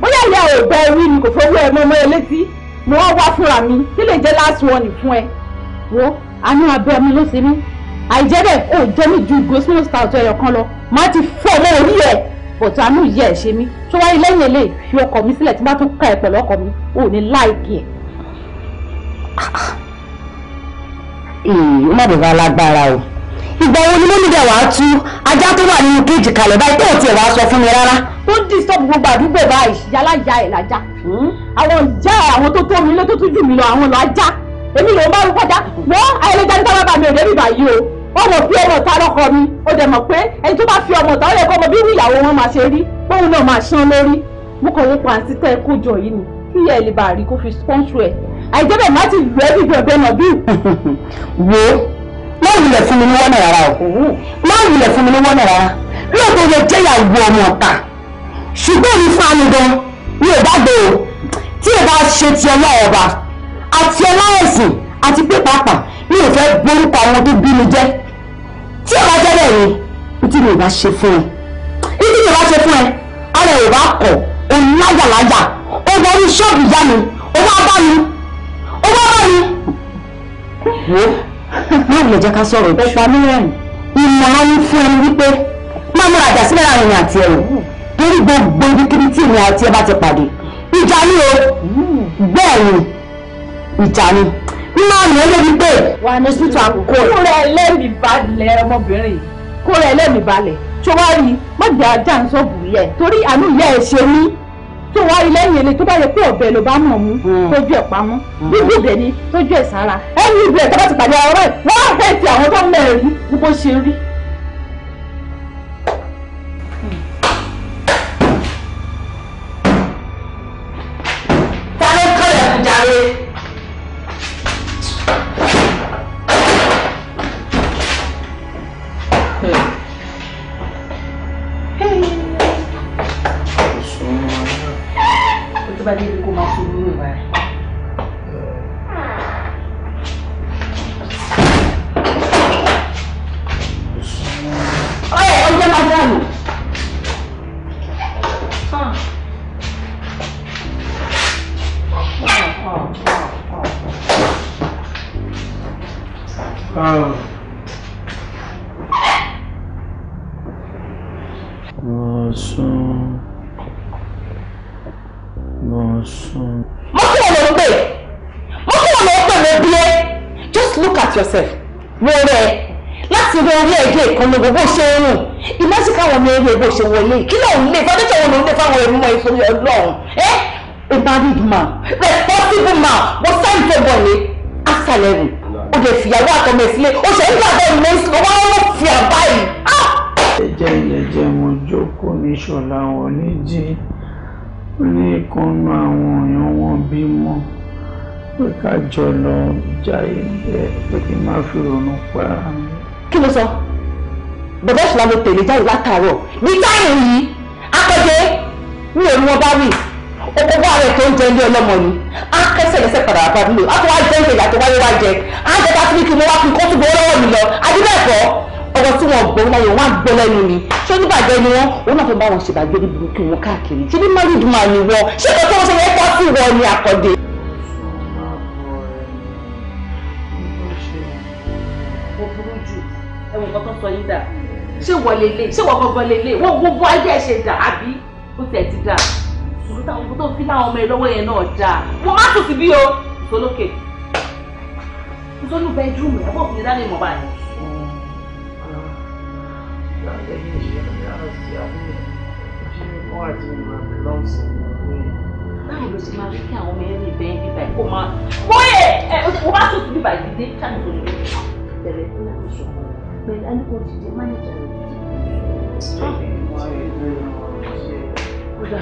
bóyá ìyá ẹ ò gbọ́ orí mi kò fowó ẹ mọ́ ẹ létí mo wá wá fúnra mi kí lè jẹ́ láti wọ nì fún ẹ wo àánú abẹ́ mi ló ṣe mí àìjẹ́ bẹ́ẹ̀ ò jẹ́ mi ju gosmos tààtọ̀ ẹ̀yọ̀ but àánú ẹ̀ ṣe mí tó wáyé lẹ́yìn eléyìí fi ọkọ mi sílẹ̀ tí bá tún ká ẹ pẹ̀lú ọkọ mi ò ní láìkì ẹ̀. ó má bẹ̀rẹ̀ alágbára o ìgbà wo ni lómi dẹ̀ wá tú ajá tó wà nínú kéèjì kalẹ̀ báyìí tó tiẹ̀ wá sọ fún mi rárá. tó ń disturb gbogbo àdúgbò báyìí yálà ya ẹ̀ lájá hmm? àwọn ìyá àwọn tó tó mi lé tó tún jù mí lọ àwọn lọ ajá èmi lòún bá rú wọ́n ayẹlẹ́jà ní tábàbà mi ò débi báyìí o ọmọ bí ọmọ ta lọ́kọ mi ó dẹ̀ mọ̀ pé ẹni tó bá fi ọmọ ta ó yẹ kó ọmọ bí irú ìyàwó wọn máa ṣe rí bóun náà máa ṣán lórí mú kàn yín pàǹtí tẹ́ ẹ kó jọ yìí ni kí ìyá ẹ lè bá rí kó fi spọ́ńsù ẹ̀ àìjẹ́ bẹ́ẹ̀ má ti lù ẹ́ bíbi ọ̀bẹ náà bí. wo má wulẹ̀ fún mi ní wọ́n náà rárá o má wulẹ̀ fún mi ní wọ́n náà rárá lóòótọ́ yẹ jẹ́ ìyàwó ọmọ ọ̀tà ṣùgbọ́n mi fún ami gan mi ò bá gbé o tí ẹ bá ṣe ti ọlọ́wọ́ ọba àti ọlọ́wọ́ ẹ̀sìn àti pé pàápàá mi ò fẹ́ borúkọ àwọn tó bí mi jẹ́ tí ò bá jẹ́ bẹ́ẹ̀ ni ìdí mi ò bá ṣe fún ẹ ìdí mi ò bá ṣe fún ẹ ara ẹ̀ ò bá kọ̀ òun láyàláyà ó wọrí ṣọ́ọ̀bù ìyá mi ó wá bá mi ó wá bá mi. wo máa lè jẹ́ ká sọ̀rọ̀ bẹ́ẹ̀ pa mí rẹ̀ ìmọ̀ràn mi fún ẹni wípé máa múra àjà sílẹ̀ láàrin ìrìn àti ẹ̀rọ torí gbogbo ibikíbi tí ìrìn àti ẹ bá ti pàdé ìjà ni o mm. bẹ́ẹ̀ ni ìjà ni náà ni olórí pé. wà ní sítú àkókò rẹ. kúrẹ́ ẹlẹ́mìí balẹ̀ ọmọbìnrin kúrẹ́ ẹlẹ́mìí balẹ̀ tó wá rí mọ̀jà jàǹsọ̀bù yẹ torí àánú ìyá ẹ̀ ṣe mí tó wá rí lẹ́yìn ilé tó bá yẹ pé ọ̀bẹ ló bá mọ̀ mú hmm. tójú ẹ̀ pamọ́ hmm. gbígbó ibẹ̀ ni tójú ẹ̀ sára ẹ̀yìn ibẹ̀ tó bá ti pàdé ọ̀rẹ́ wọ́n á fẹ́ẹ́ ti àwọn tó mẹ́rin bó ṣe rí Bọ̀sùn. Bọ̀sùn. Mo kí ọ̀nà ń pè. Mo kí ọ̀nà ń pè mí bí ẹ. Just look at yourself. Wo rẹ̀ láti rí orí ẹ̀gẹ́ ìkànnì gbogbo ṣe ń rùn. Ìmọ̀sí káwọn ọmọ eré bó ṣe wọlé. Kí ló ń lè fọ́dọ́jọ́ wo ló ń lè fáwọn ẹ̀rú mọ́ ìfòyí ọlọ́run? A married man, responsible man, was signed for money after eleven ó lè fìyàwó àtọmọ ìsílẹ̀ ó ṣe ń gbàgbọ́ ìmọ̀ ìsìnkú wọn ló fi àbá yìí. Ah! ẹ̀jẹ̀ ìyẹ̀jẹ̀ wọn jókòó ní ṣọ̀lá wọn ní jí ní ìkànnú àwọn èèyàn wọn bímọ pé ká jọ lọ já ilé pé kí n má fi ronú pa. kí ló sọ bàbá ìṣúná ló tẹ̀lé jáde látàárọ̀ ní táyà yìí akọ́jẹ́ mi ò ní wọn bá wí gbogbo ààrẹ tó ń jẹ ilé ọlọ́mọ ni á kẹsẹ̀ lẹ́sẹ̀ padà àbádúlò á tó wá jẹ́ ìyà tó wáyé wá jẹ á jẹ́ bá tún kí mo wá fi kó tún gbowó lọ́wọ́ mi lọ adébẹ̀kọ́ ọwọ́ tí wọ́n gbọ́ láyé wọ́n á gbọ́ lẹ́nu mi ṣé oníbàjẹ́ ni wọ́n òun náà fẹ́ bá wọn ṣèbàjẹ́ ní burúkú wọn káàkiri ṣé bí married man ni wọ́n ṣé kò tó wọ́n ṣe wọ́n pọ̀ sí wọn ni àkọ́dé. ṣé wọ́n lè lè ṣé wọ́n gbọ́ngàn lè lè wọ́n gbogbo ayé ẹ̀ ṣe dà àbí ó tẹ̀ ti dà òkúta òkú tó fi láwọn ọmọ ẹ lọ́wọ́ yẹn náà dáa wọ́n má tòsí bí o ìtòlókè ìtòlù bẹ́ẹ̀dúrúmù ẹ̀ bọ̀ fìdí dání mọ̀ báyìí. báwo ló ṣe máa fi kí àwọn ọmọ ẹ lè bẹ́ ẹ bíbá ẹ kó máa wọ́yẹ̀ ẹ o bá tòsí bíbá ẹ dídé ṣáà nítorí bẹ̀rẹ̀ fún ẹ̀ lóṣù pẹ̀lú ẹni kò jìjẹ mánéjà rẹ̀ jìjẹ. kódà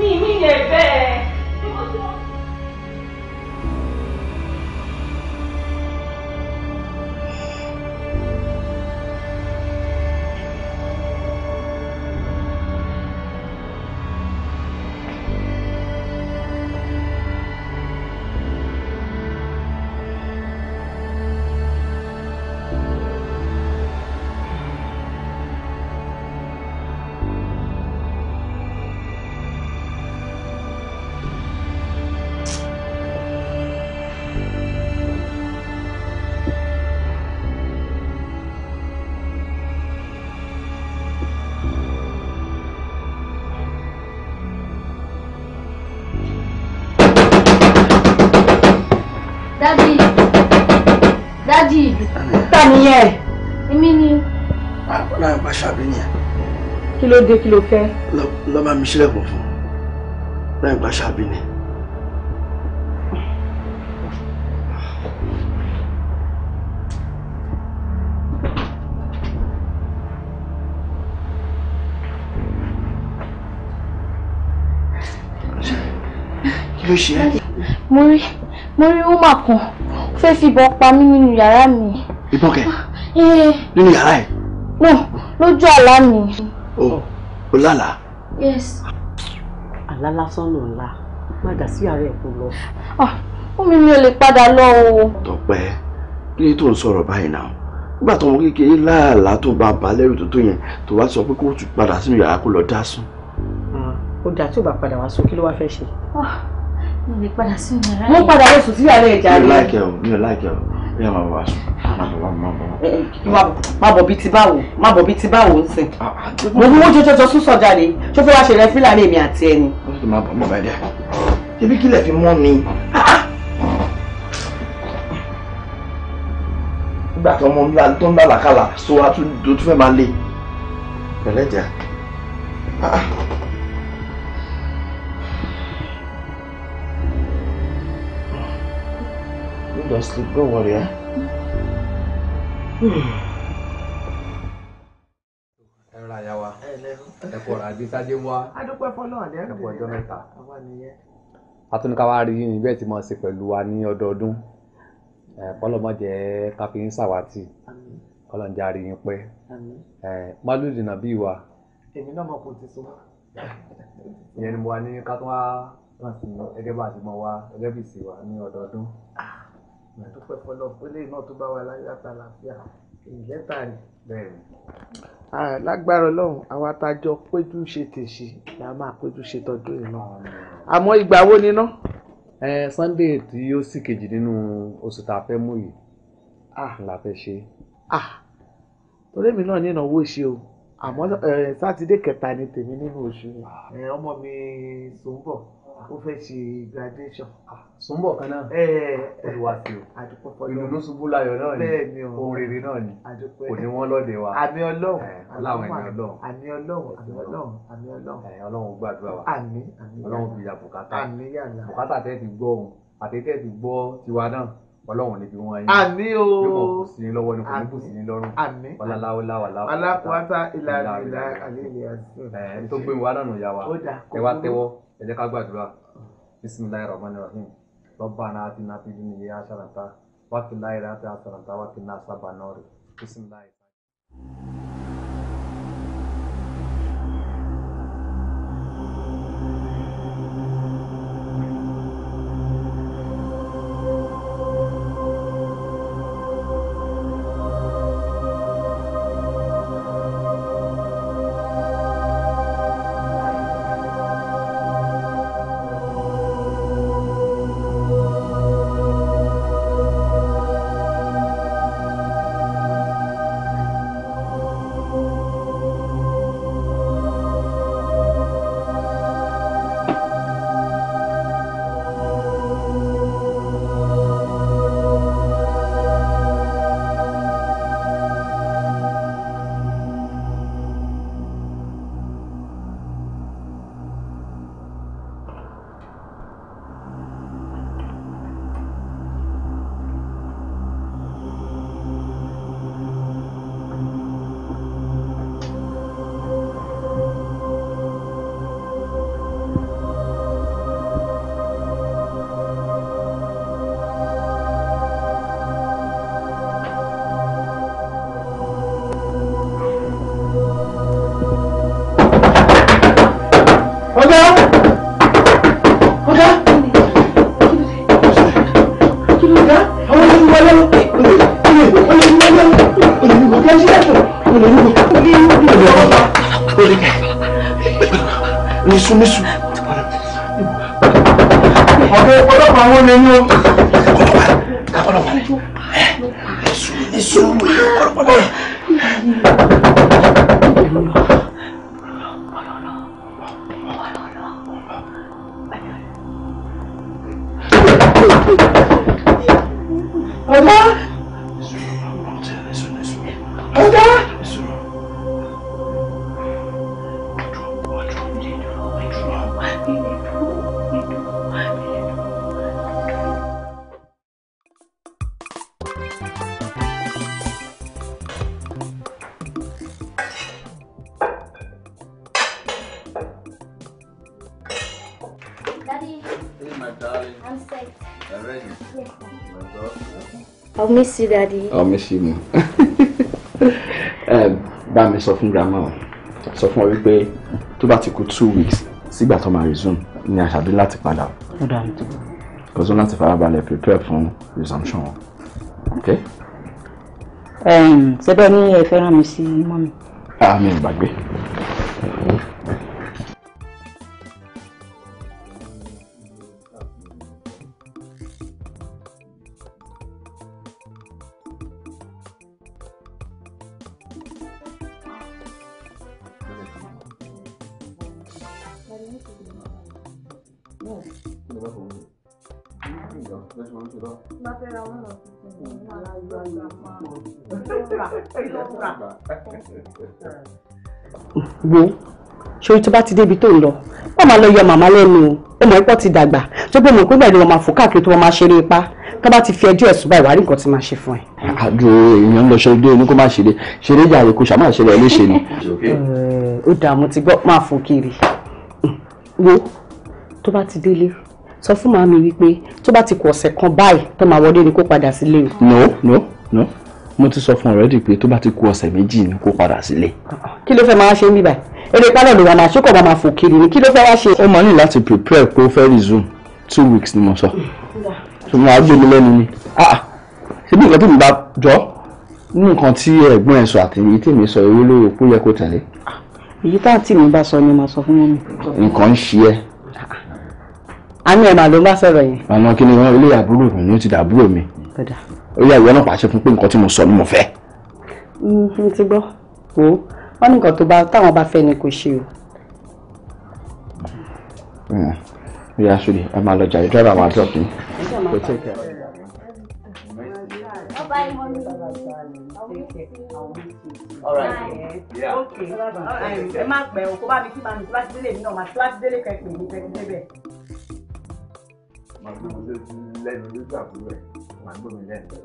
mi mi lè bẹ́ẹ̀. àṣàbí nìyẹn. kí ló dé kí ló fẹ́. lọ bá mi ṣílẹ̀kùn fún un láì gba àṣàbí ni. ló ṣe é. mo rí mo rí wúmà kan fẹ́ fi ìbọn pa mí nínú yàrá mi. ìbọn kẹ eh. nínú yàrá ẹ. náà lójú àlá mi. o ò lálàá. yes. àlá lásán ló ń la má dà sí àárẹ̀ kó lọ. omi ah, mi ò lè padà lọ o. Tọ́pẹ́ kí ló tó ń sọ̀rọ̀ báyìí náà nígbà tó wọn kékeré láàlá tó bá bá lẹ́rù tó tó yẹn tó wá sọ pé kó tún padà sínú yàrá kó lọ dá sùn. Ah, ó dà tí ò bá padà wá sùn kí ló wá fẹ́ ṣe. Ah, mo lè padà sínú yàrá yẹn. mo padà lọ sùn sí yàrá ẹ̀ jàre. mi ò láìkẹ́ o mi ò láìkẹ́ o. Ìyá máa bọ̀ wá sùn. Má bọ̀ wá má bọ̀ wá. Eh, má bọ̀ bí ti báwo. Má bọ̀ bí ti báwo ń sìn. Ah, ah. Mo ní wọ́n jọjọjọ sún sọ̀jà fẹ́ wá ṣe rẹ́fí láàrin èmi àti ẹni? Ó kílẹ̀ fi mọ́ mi? Ah, Nígbà tí ọmọ ńlá tó ń lálàkàlà so a tún fẹ́ máa le. Pẹ̀lẹ́jà. You're asleep, don't worry. Eh? ẹ̀rọ àyàwá ẹ̀kọ́ ọjọ́ rí tí mo ṣe pẹ̀lú wa ní ọdọọdún kọlọmọdé káfí ń ṣàwátì kọlọmọdé àrí yín pẹ́ málùdì náà wa. èmi náà mọ kò ti ìyẹn ni mo wà ní ká wá kàn sí bá ti mọ wa bí wa ní àdúpẹ́ fọlọ́ pélé náà tó bá wa láyé àtàlàfíà ìlẹ́ta rẹ̀. lágbára ọlọ́run àwa tá a jọ péjú ṣe tèṣì la máa péjú ṣe tọdún iná àmọ́ ìgbà wo ni ná. Sunday tí ó sì kejì nínú oṣù tá a fẹ́ mú yìí la fẹ́ ṣe. torí mi náà ní ìnáwó ṣe o àmọ́ sátidé kẹta ni tèmi nínú oṣù ọmọ mi sùn bọ̀ ó fẹ́ ṣe graduation. súnbọ̀ kan náà olùwà sí o ìdùnnú ṣubú láyọ̀ náà ni ohun rere náà ni kò ní wọ́n lọ́dẹ wa àmì ọlọ́run aláwọ̀ ẹ̀mí ọlọ́run àmì ọlọ́run àmì ọlọ́run àmì ọlọ́run ọlọ́run gbàdúrà wa àmì ọlọ́run fi ya bùkátà bùkátà tẹ́ ti gbọ́ òun àti tẹ́ ti gbọ́ tiwa náà ọlọ́run níbi wọn yín àmì o yóò kò sí ní lọ́wọ́ ní kò ní kò sí ní lọ́rùn àmì ọláláwọ láwà láwà alákùnrin àti ìlànà ìlànà àlè ìlànà. ẹ tó gbé wa lọ́nà ìyá wa ẹ wá tẹ́wọ́ ẹ jẹ́ ká gbàdúrà bisimilayi rahman rahim rabbana atina fid dunya hasanatan wa fil akhirati hasanatan wa qina azaban nar bisimilayi. ọ̀rọ̀ padà ẹ sùúrù ẹ sùúrù ọ̀rọ̀ miss you daddy. I'll oh, miss you more. Eh, bá mi sọ fún grandma o sọ fún ọ wípé tó bá ti kú two weeks sígbà tó máa resume ni àṣàbí láti padà o. ó dà mí tó. kòsó láti farabalẹ̀ prepare fún resumption o. ṣé bẹ́ẹ̀ ni ẹ fẹ́ràn mi sí mọ́mi. Ah, àmì ìgbàgbé. wo ṣòrí tó bá ti débi tó ń lọ wọn máa lọ yọ màmá lẹ́nu o ó mọ ipò ti dàgbà tó bó mọ pé bẹ́ẹ̀ ni wọn máa fò káàkiri tó wọn máa ṣeré ipá tó bá ti fi ẹjọ́ ẹ̀sùn báyìí wàá rí nǹkan tí máa ṣe fún ẹ. àjò èèyàn ń lọ ṣeré ní kó má ṣeré ṣeré jàre kó ṣàmà ṣeré ẹ léṣe ni. ó dààmú ti gbọ́ máa fò kiri wo tó bá ti délé sọ fún màmí wípé tó bá ti kù ọ̀sẹ̀ kan báyìí tó máa wọlé ni kó padà sílé o. no no no mo ti sọ fún ọ̀rẹ́dì pé tó bá ti kù ọ̀sẹ̀ méjì ni kó padà sílé. kí ló fẹ́ máa ṣe ń bíbà eré pálọ̀ ló wà náà ṣókò bá máa fò kiri ni kí ló fẹ́ wá ṣe. ó máa ní láti prepare pé ó fẹ́ resume two weeks ni mo sọ tó máa gbé mi lẹ́nu ni ah, ah. ṣébí nǹkan tó mi bá jọ ní nǹkan tí ẹ̀gbọ́n ẹ̀ sọ àti èyí tèmi sọ èyí ló yẹ kó yẹ kó tẹ̀lé. èyí tá àǹtí mi bá sọ ni mo sọ fún mi. nǹkan ń ṣe ẹ́. Ah, àmì ẹ̀ màá ló ń bá sọ̀rọ̀ yẹn. àná kí ilé àbúrò mi ni ó ti dàbúrò mi ó yá ìwọ náà pàṣẹ fún pé nǹkan tí mo sọ ni mo fẹ́. Mm, mo ti gbọ́ o wọ́n ní nǹkan tó bá táwọn bá fẹ́ ni kò ṣe o. ó yá sóde ẹ máa lọ jàre dọ́là máa drop ní. Bye, mommy. All right. Yeah. Okay. Ẹ má pẹ́ o, kó bá mi kí màmí tí bá ti délé mi náà, màá tí bá ti délé kẹ́ pè mí pẹ́ débẹ̀. Màá gbé mo lé lẹ́nu lé gbàgbé rẹ̀ máa gbómi lẹ́nu.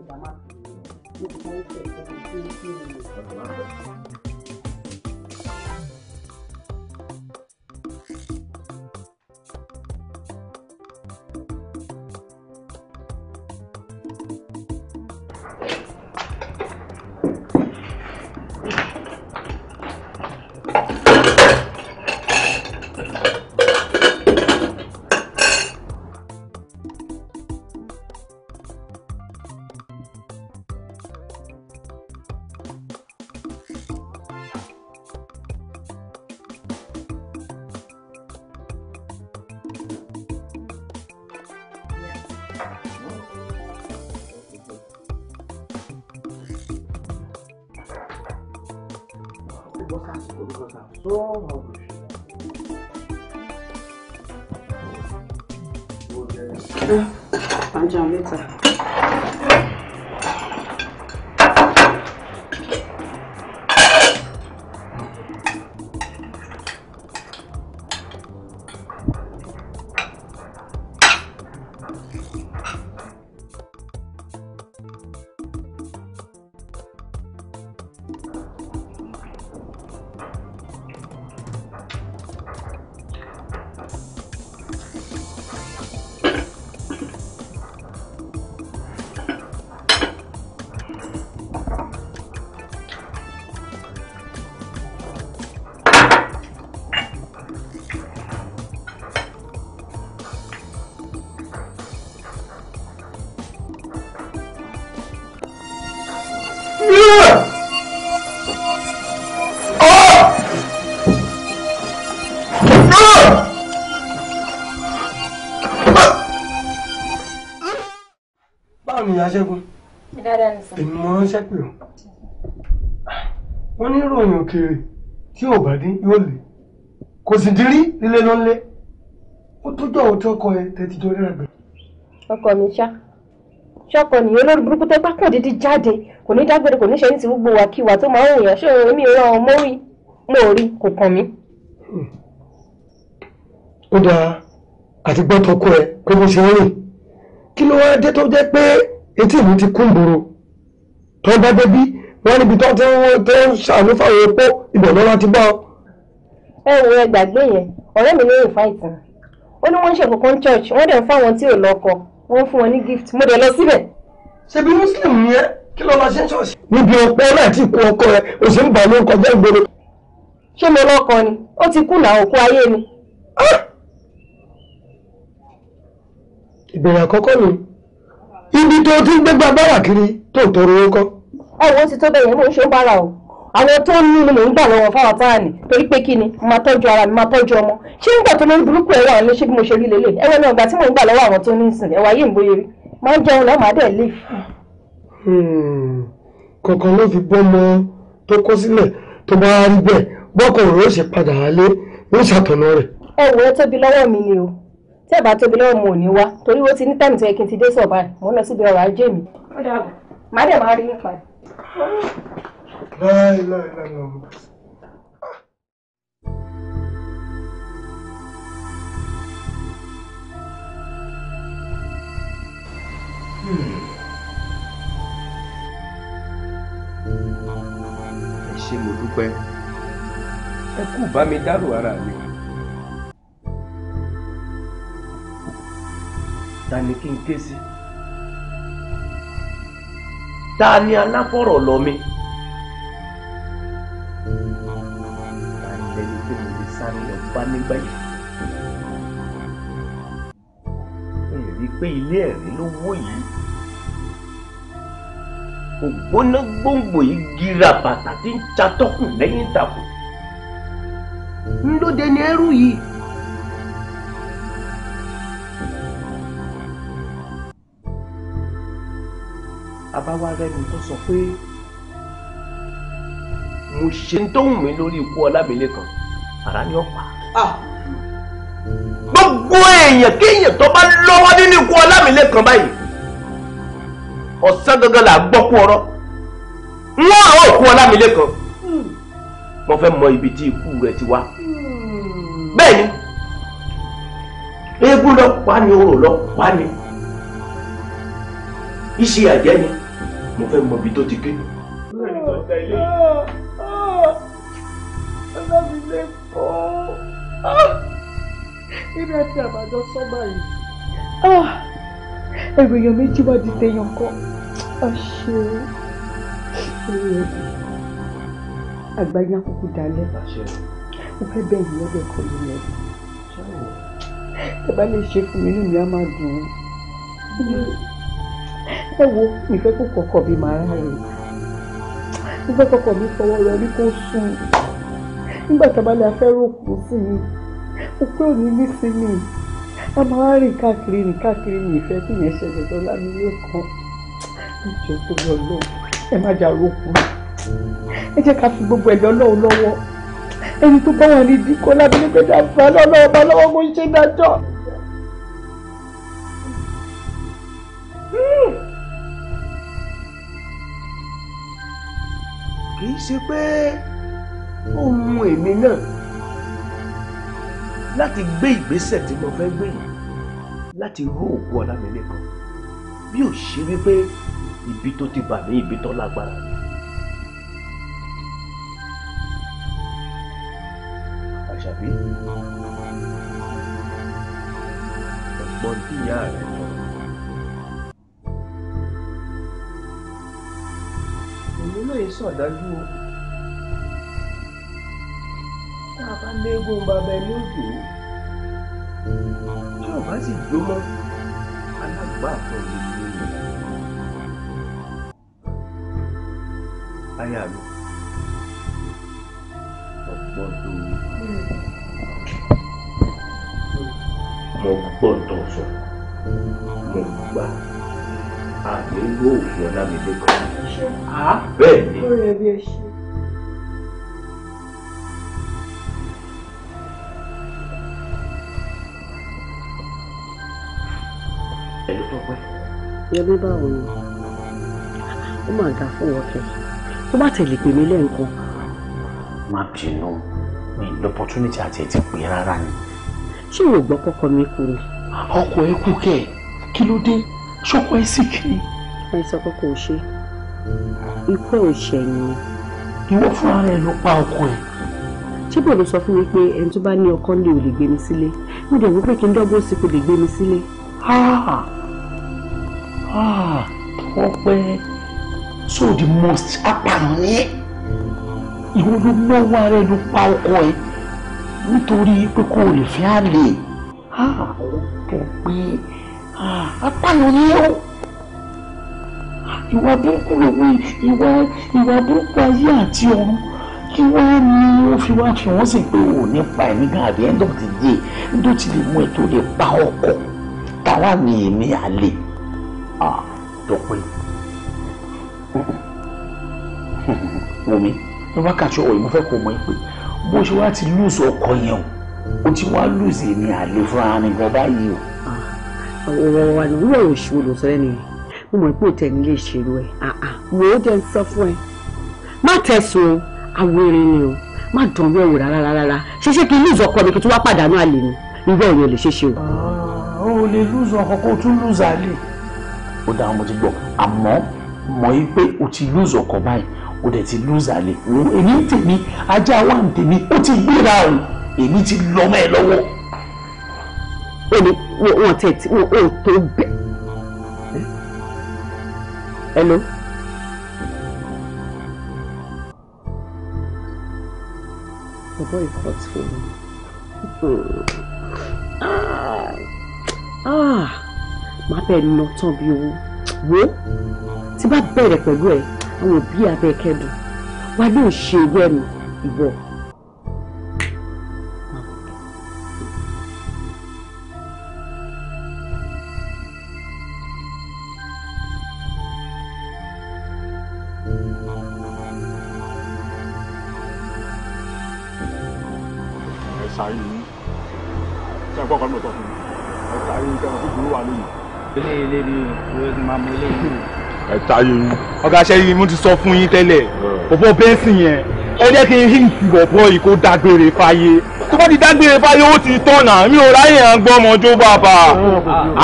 aṣẹ́gun èmi mo ránṣẹ́ o ọ́ wọ́n ní ìròyìn òkèèrè tí ò bá dín yóò lè kò sì dín rí lílé ló ń lé ó tójú àwọn tí ọkọ ẹ tẹ́tí jọ rírà gbẹ. ọkọ mi ṣá ṣọkọ nìyẹn olórí burúkú tẹ pákó dídí jáde kò ní dágbére kò ní ṣe ní ti gbogbo wàkiwà tó máa ń wòyàn ṣé òun èmi ràn ọmọ rí mo rí kò kàn mí. Hmm. ó dáa àti gbọ́tọ̀kọ ẹ pé mo ṣe ń rìn kí ló wá dé tó jẹ́ pé etí ìlú ti kú tó ń bá débi wọn níbi ń ṣàánú fáwọn epo ìbọ̀dọ́ lọ́la ti ẹ wo ẹ gbàgbé yẹn ọ̀rẹ́ mi fa ìtàn. ó ní wọ́n ń ṣèkókó church wọ́n dẹ̀ ń fáwọn tí ò lọ́kọ wọ́n fún wọn ní gift mo dẹ̀ lọ síbẹ̀. bí muslim kí ló ṣé mo ni ó ti òkú ayé ah! ibi tó ti ń gbégbá bára kiri tó ń tọrọ owó kọ́. ẹ wo ti tó bẹ́ẹ̀ yẹn mò ń ṣe ń bára o àwọn tó ń ní ni mò ń gbà fáwọn táà ní torí ni ara mi ọmọ ṣé tó burúkú mo ṣe rí ni tí mò ń gbà àwọn tó ní ìsìn yìí ń rí ń hmm, kọ̀ọ̀kan ló fi bọ́mọ tó kọ́ sílẹ̀ tó bá rí bẹ́ẹ̀ bọ́kọ̀ rẹ̀ tẹ́ẹ̀bá tóbi lọ́wọ́ mo ò ní wá torí ó ti ní táìmù tó yẹ kí n ti dé sọ̀bá rẹ̀ mo ń lọ síbi ọ̀rọ̀ ajé mi. ó dàbọ̀ màá dẹ̀ máa rí nípa ẹ̀. láìláìláìlá hmm. ẹ mo dúpẹ́ ẹ kú bá mi dárò ara mi o. ta ni kí n ké sí ta ni aláfọ̀rọ̀ lọ mi ta ni ẹni tí mo lè sáré lọ bá nígbà yìí mo lè rí i pé ilé ẹ̀rí ló wó yìí ògbóná gbòǹgbò yìí gira bàtà tí ń chatọ́kùn lẹ́yìn ìtàkùn ńlọdẹ ni ẹrú yìí. abáwárẹ́ni tó sọ pé mo ṣe ń tóhùn mi lórí ikú ọlábìlẹ̀ kan àrá ni ó pa. Ah! gbogbo èèyàn kéèyàn tó bá lọ́wọ́ nínú ikú ọlábìlẹ̀ kan báyìí ọ̀sán gangan là gbọ́ kú ọ̀rọ̀ wọ́n àwọn òkú ọlábìlẹ̀ kan wọ́n hmm. fẹ́ mọ ibi tí ikú rẹ̀ ti wá hmm. bẹ́ẹ̀ ni eégún lọ pa ni orò lọ pa ni iṣẹ́ àjẹ́ ni mo fẹ́ mọ ibi tó ti gbé. ọlọ́run lè kọ́ nínú ah! ẹbí àbájọ sọ́mà yìí ah! ẹ̀rọ èèyàn méjì wá di tẹ̀yàn kan àṣẹ àgbáyé àkókò dalẹ̀ mo fẹ́ bẹ́ẹ̀ yìí lọ́dọ̀ ẹ̀kọ́ yìí lẹ́yìn tẹ́ bá lè ṣe fún mi inú mi á máa dùn ún. ẹ wo ìfẹ́ kò kọ̀kọ̀ bí màá rà rè ìfẹ́ kọ̀kọ̀ mi fọwọ́ rẹ rí kó sùn nígbà tá a bá lè afẹ́rò sí mi ní sí mi a máa wá rìn káàkiri rìn káàkiri ní ìfẹ́ tí yẹn ṣẹlẹ̀ lọ́la mi lẹ́kọ̀ọ́ ìjọ tó lọ lọ ẹ má jà ẹ jẹ́ ká fi gbogbo ẹ̀dọ́ lọ́wọ́ ṣe pé ó mú èmi náà láti gbé ìgbésẹ̀ tí mo fẹ́ gbé yìí láti ró òkú Ọlámilékan bí ò ṣe wípé ibi tó ti bà mí ibi tó lágbára àṣàbí ọ̀pọ̀ ìyá rẹ̀. èyí sọ̀dájú o tá a bá léegun bàbá ẹni òjò tí ò bá sì jó mọ́ alágbà àtọ̀jú ló ń aya mi ọ̀pọ̀ dòwe mo gbọ́dọ̀ sọ mo gbà àgbéwò òfin ọlámilẹ́kọ̀ọ́ bẹ́ẹ̀ ni. ẹ̀lú tọ́pẹ́. yẹmí báwo ni ó máa ga fún ọkẹ tó bá tẹ̀lé pè mí lẹ́ǹkan. má bínú ní lọ́pọ̀túnìtì àti ètí pé rárá ni. ṣé o gbọ́ kọ́kọ́ mi kú ni. ọkọ̀ ẹ kú kẹ́ kí ló dé ṣọkọ ẹ sì kí ni. àìsàn kọkọ ò ṣe ikú ẹ ò ṣẹ ni. ìwọ fúnra rẹ ló pa ọkọ ẹ. ṣébò ló sọ fún mi pé ẹni tó bá ní ọkọ lè ò lè gbé mi sílé mo dẹ̀ wí pé kí n dọ́gbó sí kò lè gbé mi sílé. Ah! Ah! ọpẹ so the most apààyàn ni ìwọ ló lọ́wọ́ ara ẹ ló pa ọkọ ẹ nítorí pé kò lè fẹ́ àlè. Ah! ọ̀pọ̀ pé apáyọ ni ìwà burúkú lòwe ìwà ìwà burúkú ayé àti ọ̀run kí wọ́n ní wọ́n fi wá fi wọ́n sì pé ò nípa ẹ̀mí gan àbí end of the day ló ti lè mú ẹ tó lè pa ọkọ̀ táwa ní èmi àlè dọ́pẹ́ omi ní wákàtí ọ̀rọ̀ ìmúfẹ́ kò mọ̀ pé bó ṣe wá ti lùsọ̀ ọkọ̀ yẹn o ti wá lùsẹ̀ èmi àlè fúnra mi gan báyìí o ọ̀rọ̀ wa ni wúwo òṣù olùsọ̀rẹ́ nìyẹn mo mọ̀ pé òtẹ̀ mi lè ṣèrú ẹ̀ mo ó jẹ́ ń sọ fún ẹ má tẹ̀sùn o awéré ni o má dán bí ẹ̀wò rárá rárá ṣe ṣé kí lùzọ̀ kọ́ mi kí tí wọ́n pàdánù àlè ni irú ẹ̀yìn ò lè ṣe ṣe o. o lè lùzọ̀ ọkọ̀ kó o tún lùzọ̀ àlè. ó dáhùn mo ti gbọ́ àmọ́ mọ̀ yí pé o ti lùzọ̀ ọkọ̀ báyìí o dẹ̀ ti lùzọ̀ àlè èmi tèmi ajá wa ń tèmi ó ti gbéra o èmi ti lọ́mọ ẹ lọ́wọ́ ó ní wọn tẹ̀ tí wọn ò tó bẹ̀. hello. bọ̀bọ̀ ìkọ́t fún mi. máa bẹ̀ nà tán bí owó wo tí bá bẹ̀rẹ̀ pẹ̀lú ẹ̀ àwọn òbí abẹ́ kẹ́dùn wà ló ń ṣe ewé ẹ̀mí ìwọ. máa mú ilé yìí. ẹ táyé yín. ọ̀gá aṣẹ́yí mo ti sọ fún yín tẹ́lẹ̀ bọ̀bọ̀ bẹ́ẹ̀sì yẹn ẹ jẹ́ kí n hí ìbọ̀bọ̀ yìí kó dágbére fáyé tó bá ti dágbére fáyé ó ti tọ̀nà mi ò ráyè à ń gbọ́ ọmọ ọjọ́ bàbá.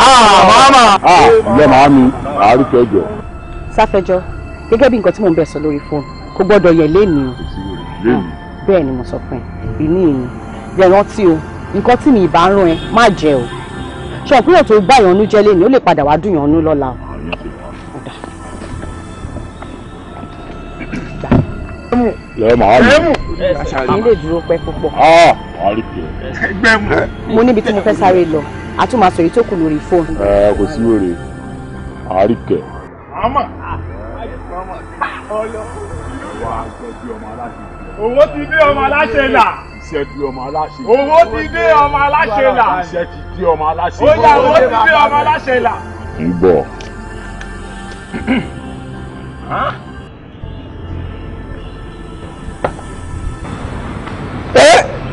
Ah, ah, ah, màmá. ìyá màá mi àárúkọ ẹjọ. gẹ́gẹ́ bí nǹkan tí mò ń bẹ sọ lórí fóònù kò gbọ́dọ̀ yẹ lémi bẹ́ẹ̀ ni mo sọ fún ẹ ìní ìní yẹ rántí o nǹkan tí mi ìbá ń rán ẹ má jẹ o ṣọ̀pìnà lẹ́ẹ̀ máa mú. mi lè dúró pẹ́ púpọ̀. Ah, mo níbi tí mo fẹ́ sáré lọ a tún máa sọ èyí tó kù lórí fóònù. ẹ kò sí wèrè àríkẹ́. àmà owó ti dé ọmọ aláṣẹ là. iṣẹ́ di ọmọ aláṣẹ. owó ti dé ọmọ aláṣẹ là. iṣẹ́ ti di ọmọ aláṣẹ. ó yá owó ti dé ọmọ aláṣẹ là. ń bọ̀.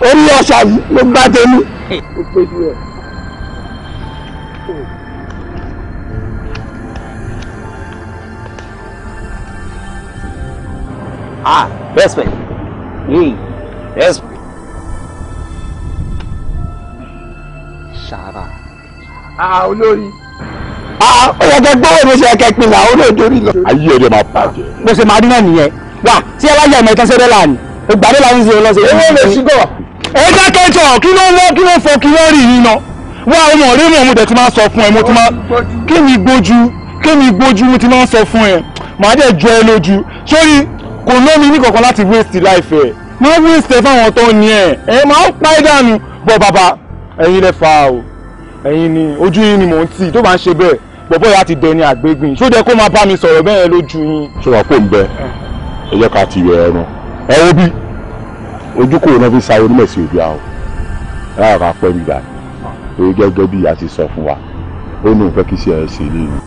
orí ọ̀sà yìí ló gbá tẹ́lú. ó ah respect hey respect. sara. ah olórí. ah ọ̀yẹ̀kẹ̀ gbọ́dọ̀ mo ṣe ẹ̀kẹ́ pinna ó lè dorí lọ. ayé ẹ̀rẹ̀ máa bàjẹ́. mo ṣe máa rí náà nìyẹn wá tí ẹ bá yẹ ẹ̀mọ́ ìtọ́sẹ́rẹ́ là ní ògbàdé là ń ṣe lọ́sẹ̀. owó lè ṣí gbọ́ ẹ dákẹ́jọ kí ló ń wọ́ kí ló ń fọ kí ló ń rì yín lọ wá ọmọ ọ̀rẹ́ mi ọ̀hún dẹ̀ ti máa sọ fún ẹ mo ti máa kí mi gbójú kí mi gbójú mo ti máa sọ fún ẹ màá dẹ̀ jọ ẹ lójú sórí kò lómi ní kankan láti waste life ẹ má waste ẹ fáwọn tó ní ẹ ẹ máa ń pa ẹ dànù bọ bàbá ẹ̀yin lẹ fa o ẹ̀yin ni ojú yín ni mò ń tì tó bá ń ṣe bẹ́ẹ̀ bọ̀bọ̀ yà á ti dẹni àgbégbìn ṣó jẹ́ kó máa bá mi sọ̀rọ̀ bẹ́ẹ̀ lójú yín. ṣé wàá kó ojúkòrò náà fi sáré onímọ̀sí òdu àwọn rárá pẹ́ gbígbà èyí gẹ́gẹ́ bí a ti sọ fún wa ó ní òfẹ́ kí iṣẹ́ ẹ ṣe lé yìí.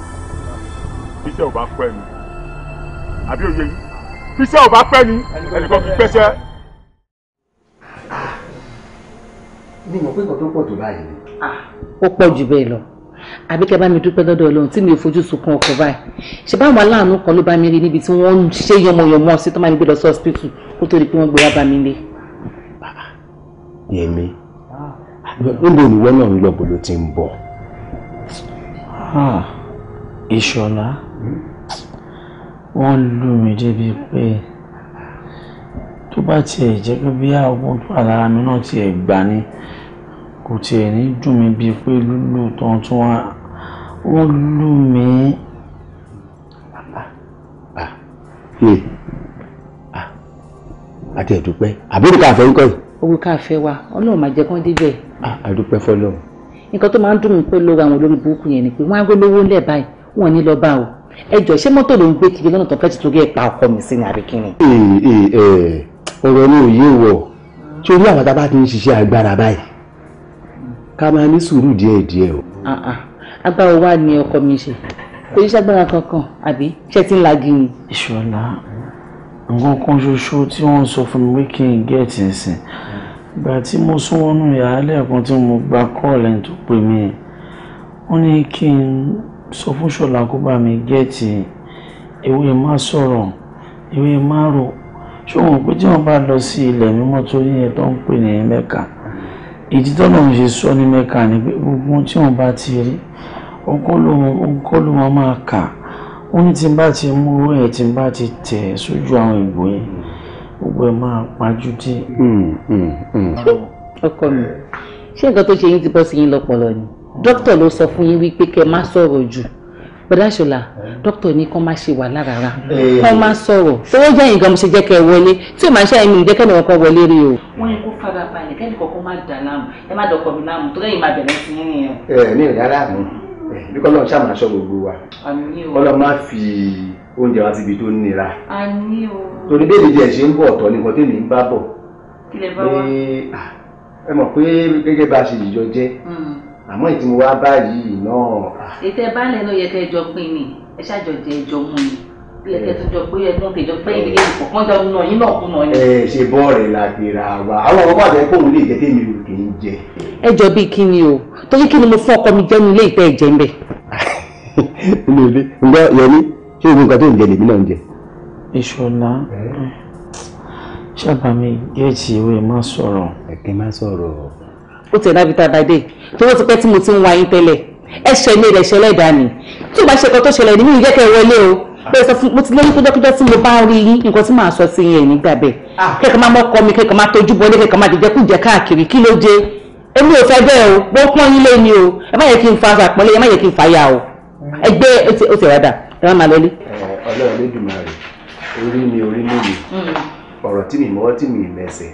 iṣẹ́ ò bá pẹ́ ni àbí òye yìí iṣẹ́ ò bá pẹ́ ni ẹnìkan fi pẹ́ṣẹ́. mi mọ̀ pé nǹkan tó pọ̀ tó báyìí ah, ó pọ̀ jù bẹ́ẹ̀ lọ àbí kẹ́ bá mi dúpẹ́ lọ́dọ̀ ọlọ́run tí mi ò fojú sunkún ọkọ̀ báyìí ṣe báwọn aláàánú kan ló bá mi rí níbi tí wọ́n ń ṣe yànmọ̀yànmọ̀ sí tó máa ń gbé lọ sí hospital kó tó di pé wọ́n gbé wá bá mi lé. Yẹmi níbo ìwọ náà ń lọ bó ló ti ń bọ̀ Ìṣọ̀lá wọ́n lù mí débi pé tó bá tiẹ̀ jẹ́ pé bí àwọn tó wà lára mi náà tiẹ̀ gbà ni kò tiẹ̀ ní dùn mí bíi pé lúlù tán tún wá wọ́n lù mí. àti ah, ah, ah, ẹ̀dùpẹ́ àbúrò kan àfẹ́yìnkọ́ yìí owó káfẹ́ wa ọlọ́run máa jẹ́ kán débẹ̀. àdúpẹ́ fọlọ́. nǹkan tó máa ń dùn mí pé lóra àwọn olórí burúkú yẹn ni pé wọ́n á gbé lówó ńlẹ̀ báyìí wọ́n ní lọ bá o ẹ jọ ṣé mọ́tò ló ń gbé kiri lọ́nà tó fẹ́ ti torí ẹ̀ pa ọkọ mi sí ni àbí kíni. ọ̀rọ̀ ni òye wọ̀ torí àwọn tá a bá ti ń ṣiṣẹ́ agbára báyìí ká máa ní sùúrù díẹ̀ díẹ̀ o. Ah, ah, agbára wa ni ọkọ mi ṣe kò ṣiṣẹ́ agbára kankan àbí ṣé ti ń lagi ni. ìṣọ̀lá nǹkan kan ṣoṣo tí wọ́n sọ fún mi pé kí n gẹ̀ẹ́tì sìn ìgbà tí mo sún wọnú yàrá lẹ́ẹ̀kan tí mo gba kọ́ọ̀lù tó pè mí wọ́n ní kí n sọ fún ṣọlá kó bá mi gẹ́ẹ̀tì ewé má sọ̀rọ̀ ewé má rò ṣòwò pé tí wọ́n bá lọ sí ilẹ̀ mímọ́ tó yẹ tó ń pè ní mẹ́ka ìdí tọ́nà ń ṣe sọ ní mẹ́ka ni pé gbogbo tí wọ́n bá ti rí ọkọ́ ló máa kà wọ́n ní tí n bá ti mú owó yẹn tí n bá ti tẹ̀ sójú àwọn ìbò gbogbo ẹ máa pajú dé. Hmm, hmm, hmm. ọkọ mi ṣé nǹkan tó ṣe yín ti bọ́ sí yín lọ́pọlọ ni dókítà ló sọ fún yín wípé kẹ́ má sọ̀rọ̀ jù gbadásọlá dókítà ní kán má ṣe wà lára eh. kán má sọ̀rọ̀ owó jẹ́ nǹkan ṣe jẹ́ kẹ́ wọlé tí o máa ṣe àìmì jẹ́ kẹ́nìkan kan wọlé rí o. wọ́n yẹ kó fara balẹ̀ kẹ́nìkan kó má dà láàmú ẹ má dọ̀kọ̀ mi láàmú tó lẹ́yìn máa bẹ̀rẹ̀ sí yín nìyẹn. ẹ ní ìdá láàmú eh, bí kọ́lọ́ ṣàmàṣọ gbogbo wa kọ́lọ́ má fi oúnjẹ wa ti bi tó nira. àní o. torí bébí jẹ ṣe ń bọ̀ ọ̀tọ̀ ní nǹkan tèmi ń bá bọ̀. kílẹ̀ bá wá. ẹ mọ̀ pé gẹ́gẹ́ bá a ṣe yìí jọ jẹ́ hmm. àmọ́ ìtí mo wá báyìí náà. ètò ẹ bá lẹ̀ náà yẹ kẹ́ ẹ jọ pín ni ẹ ṣàjọ jẹ ẹ jọ mú ni bí ẹ tẹ́tún jọ pé ẹdún kejọ pé ìdílé ìkọ̀kan jọ nà yín náà kùnà yín. ẹ ṣe bọ́ọ̀rẹ̀ la gbéra wa àwọn ọmọ àti ẹkọ òun lè jẹ tèmi ò kì í jẹ. ẹ jọ bíi kí ni o torí kí ni mo fún ọkọ mi jẹnu ilé ìtẹ́ ẹ̀jẹ̀ ń bẹ̀. mi ò ṣé omi nǹkan tó ń jẹ lèmi náà ń jẹ. ìṣọlá ṣàbàmì géètì ìwé má sọ̀rọ̀. ẹ̀kẹ́ má sọ̀rọ̀. ó tẹ̀ dábì tá a bá dé tó wọ́n ti pẹ́ tí mo ti ń wa yín tẹ́lẹ̀ ẹ̀ṣẹ̀ mi rẹ̀ ṣẹlẹ̀ dání tí o bá ṣe nǹkan tó ṣẹlẹ̀ nínú ìjẹ́kẹ̀ wọlé o bẹ́ẹ̀ sọ fún mo ti lóyún kújọ́kújọ́ tí mo bá rí yín nǹkan tí màá sọ sí yẹn nígbà bẹ́ẹ̀ kẹ́kẹ́ ah. máa mọ́kọ mi kẹ́kẹ́ máa tójú bọ́lé kẹ́kẹ́ máa dìjẹ́kújẹ káàkiri kí ló dé èmi ò fẹ́ bẹ́ẹ̀ o bó pọ́n yín lé ni o ẹ má yẹ kí n fa àpọ́nlé ẹ má yẹ kí n fa ya o ẹgbẹ́ ó ti rẹ̀ dà ẹ máa lọ ilé. ọlọ́run lẹ́dùnmáre orí mi orí lóye hmm. ọ̀rọ̀ tí mi mọ́wọ́ tí mi mẹsẹ̀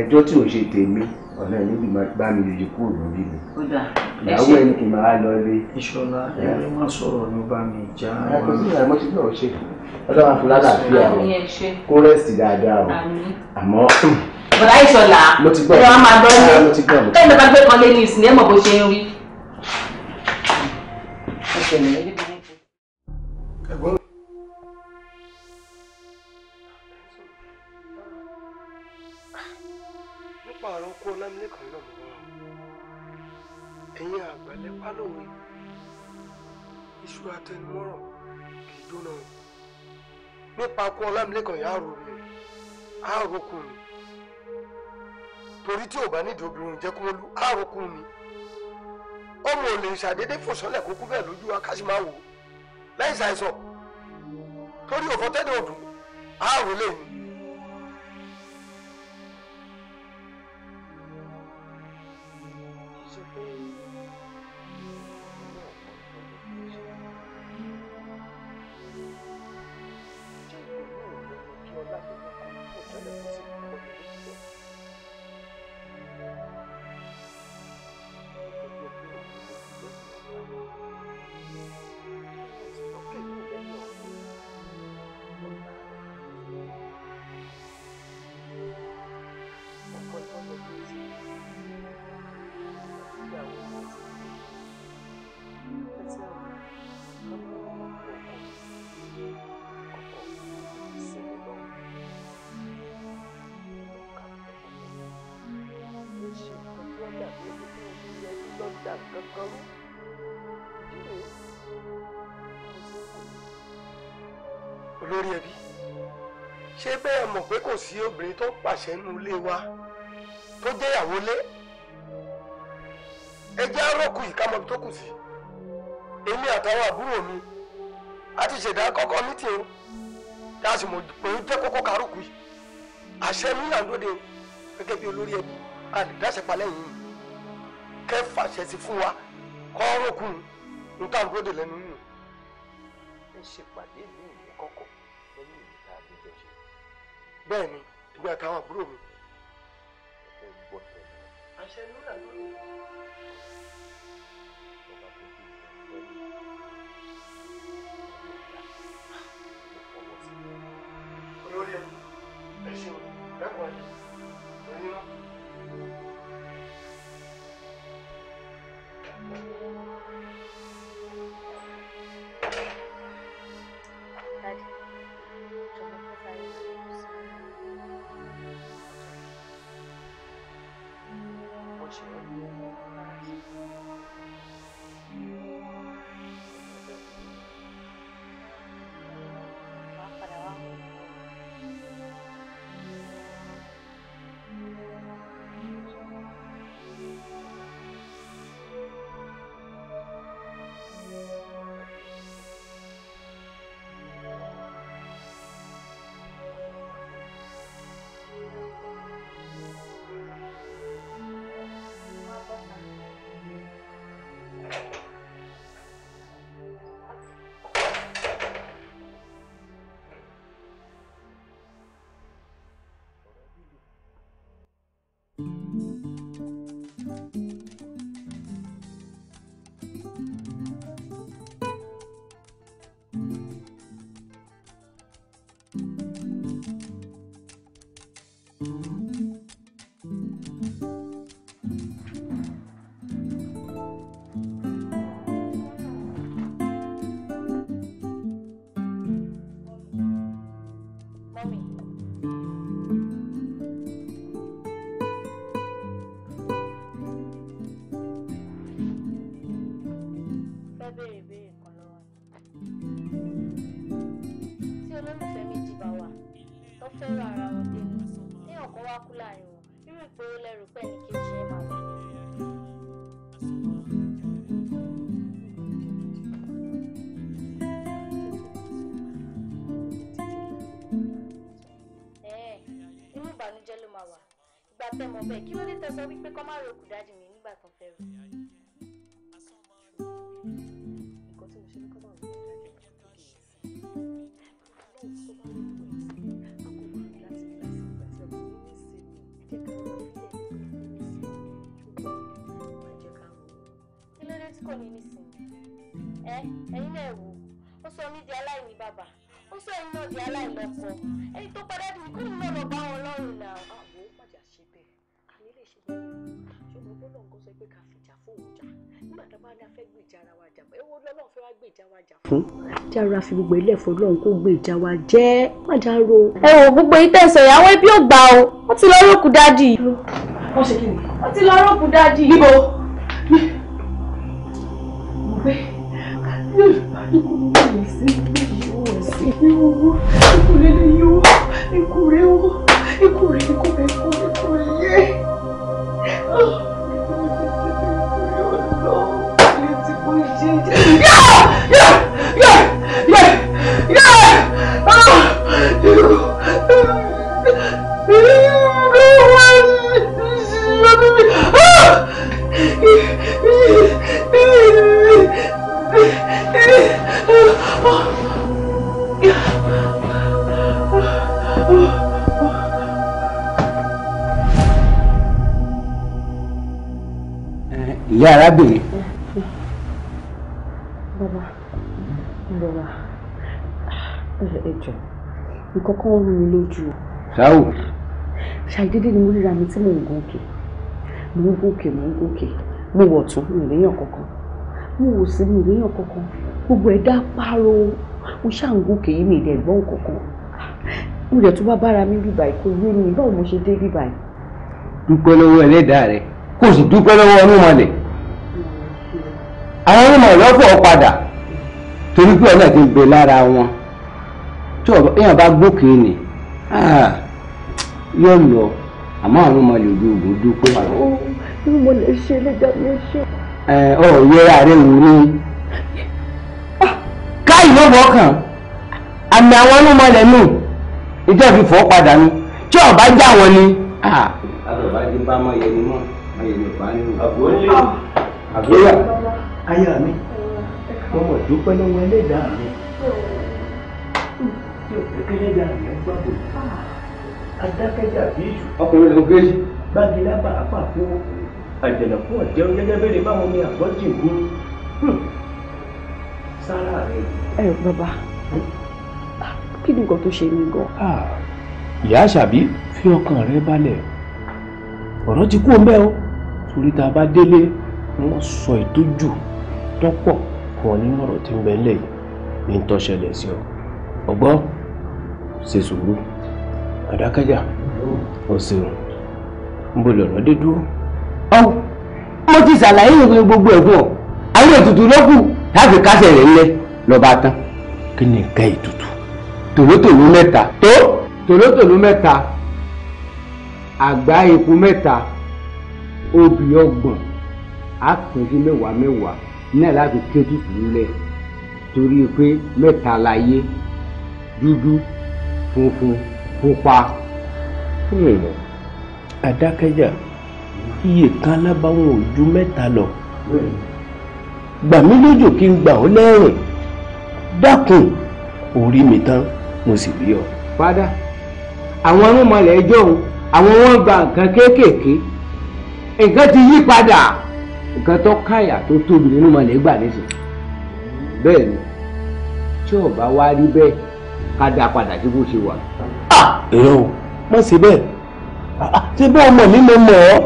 ẹjọ́ tí ò ṣe tèmi ọ̀nà ẹni bí bá mi yòye kúrò lórí mi. ìyàwó ẹni kì máa lọ ilé. ìṣọlá ẹni wọn sọ̀rọ̀ ló bá mi já. ẹ̀kọ́ sí ìyàwó tí náà ṣe ọlọ́run fún lálàáfíà o kó rẹ́sì dáadáa o àmọ́. bọ̀dá ìṣọlá mo ti gbọ́ ẹ̀ wọ́n máa gbọ́ ilé ẹ̀ẹ́dẹ́gbàgbé kan lé ní ìsìn ẹ̀ mọ̀ bó ṣe ń rí ẹ̀gbọ́n mi. nípa ọ̀rọ̀ kó lámìlẹ́kọ̀ọ́ náà mọ̀ wá ẹ̀yin àgbàlẹ́pá lòwe iṣu àtẹnumọ́rọ̀ kì í jóná o nípa kó lámìlẹ́kọ̀ọ́ yà á rò rè á rò kùn mi torí tí ò bá nídìí obìnrin jẹ́ kó lu á rò kùn mi ọmọ ò lè ṣàdédé fòsánlẹ̀ kó kú bẹ́ẹ̀ lójú wa ká sì máa wò ó lẹ́yìn ṣàìsàn torí òfò tẹ́lẹ̀ òdùn àárò lẹ́yìn. kò sí obìnrin tó pàṣẹ nínú ilé wa tó jẹ́yàwó lé ẹ jẹ́ àròkù yìí ká mọ ibi tó kù sí èmi àtàwọn àbúrò mi a ti ṣẹ̀dá kọ́kọ́ mítìn o tá a sì mọ̀ pé ó jẹ́ kókó kárùkù yìí àṣẹ mi là ń lóde gẹ́gẹ́ bí olórí ẹbí àdìdáṣẹ palẹ̀ yìí kẹ́ fàṣẹ sí fún wa kọ́ àròkù nǹkan lóde lẹ́nu nù ẹ ṣèpàdé ìlú ìlú kọ́kọ́ bẹ́ẹ̀ ni ìgbà táwọn àbúrò mi. àṣẹ ló rà bẹ̀ kí ló dé tẹ́ sọ wípé kọ́ máa ròkù dájú mi nígbà tó fẹ́ rò. nǹkan tí mo ṣe ní kọ́ máa ròkù dájú mi kò kéèyàn sí i. lóòótọ́ tó bá ròkù ẹ̀ sí i àkókò náà wò ó sọ mí di aláìní bàbá ó sọ ẹ̀yin náà di aláìlọ́kọ ẹni tó padà dùn kí náà lọ bá wọn lọ́rùn náà ṣùgbọ́n gbọ́dọ̀ nǹkan sọ pé ká fìjà fóun jà nígbà tá a bá ní afẹ́ gbèjà ara wa jà ewu lọ́lọ́run fẹ́ wá gbèjà wa jà fún. tí ara fi gbogbo ilé ẹ̀fọ́ lọ́run kó gbèjà wa jẹ́ má já ro. ẹ wò gbogbo ìtẹ̀sọ̀ ìyàwó ẹbí ò gbà o wọ́n ti lọ rókù dádì. wọ́n ṣe kí ni. wọ́n ti lọ rókù dádì. níbo mo gbé ikú rẹ̀ ikú rẹ̀ ikú rẹ̀ ikú rẹ̀ ikú rẹ̀ ikú rẹ̀ Oh! rú mi lójú. sáwù. ṣàìdédé ni mo ríra mi tí mò ń gòkè mò ń gòkè mò ń gòkè mo wọ̀ tún mi léèyàn kankan mo wò sí mi léèyàn kankan gbogbo ẹ̀dá páró mo ṣáà ń gòkè yìí mi ìdẹ̀gbọ́n kankan mo dẹ̀ tún bá bára mi bíbà yìí kò yé mi báwo mo ṣe dé bíbà yìí. dúpẹ́ lọ́wọ́ ẹlẹ́dàá rẹ kó o sì dúpẹ́ lọ́wọ́ ọlọ́mọlẹ̀ àwọn ọlọ́mọ ìlọ́pọ̀ padà torí pé ọ̀nà ti ń lára wọn tí èèyàn bá gbókè ni ah, yóò lọ àmọ́ àwọn ọmọ lè ju oògùn dúpẹ́. ó mo lè ṣe lẹ́jà mi ṣe. ọ yẹ ààrẹ wò ni ah, káyì ló bọ̀ kàn àmì àwọn ọlọ́mọ rẹ̀ nù ìjọ fi fọ́ padà ni tí ọba já wọn ni. Ah. àbẹ̀bá ti bá ọmọ yẹn ni mọ́ ọmọ yẹn ló bá nínú. àbúrò ayé mi mo mọ̀ dúpẹ́ lọ́wọ́ ẹlẹ́dàá mi ẹ̀kẹ́lẹ́dà rẹ̀ gbàgbọ́ adákẹ́jà bíṣù. ọkùnrin ló ń gbé. gbàgìlá bá a pa fún àjẹ̀lẹ̀kú ọ̀jẹ́ gẹ́gẹ́ bẹ́ẹ̀ báwọn ní àgbọ̀jì gún sára rẹ̀. ẹ bàbá kí ni nǹkan tó ṣe mí gan. ìyá àṣàbí fi ọkàn rẹ balẹ̀ ọ̀rọ̀ ti kú ọmọ ẹ o torí tá a bá délé wọ́n sọ ìtọ́jú tọ́pọ̀ fún ọ nínú tí ń bẹ lẹ́yìn ní tọ́ṣẹlẹ̀ sí ọ ọgbọ́n ṣe sùúrù àdákẹ́jà ó ṣeun níbo lọ̀rọ̀ dé dúró. ọ̀hún mo ti ṣàlàyé ìwé gbogbo ẹ̀gbọ́n ọ̀ àwọn ètùtù lọ́kù láti kásẹ̀ rẹ̀ ńlẹ̀ lọ́ba tán kí ni nǹkan ètùtù tòlótòló mẹ́ta tó tòlótòló mẹ́ta àgbá epo mẹ́ta obì ọgbọ̀n àpèjì mẹ́wàá mẹ́wàá náà láti kéjì tù ú lẹ̀ torí pé mẹ́ta láyé dúdú funfun pupa àdákẹ́jà iye kan lábáwọn ò ju mẹ́ta lọ gbà mí lójò kí n gbà ọ́ lẹ́rìn dákun orí mi tán mo sì rí ọ. fada àwọn arúmọlẹ̀ ẹjọ́ òun àwọn wọn gba nǹkan kéékèèké nǹkan ti yí padà nǹkan tó káyà tó tóbi nínú mọlẹ̀ gbà nísìnyí bẹ́ẹ̀ ni tí ò bá wá rí bẹ́ẹ̀. ká dá padà sí bó ṣe wà. Ah, èrò má ṣe bẹ́ẹ̀ ah, ah, ṣe bẹ́ẹ̀ ọmọ mi mo mọ̀ ọ́.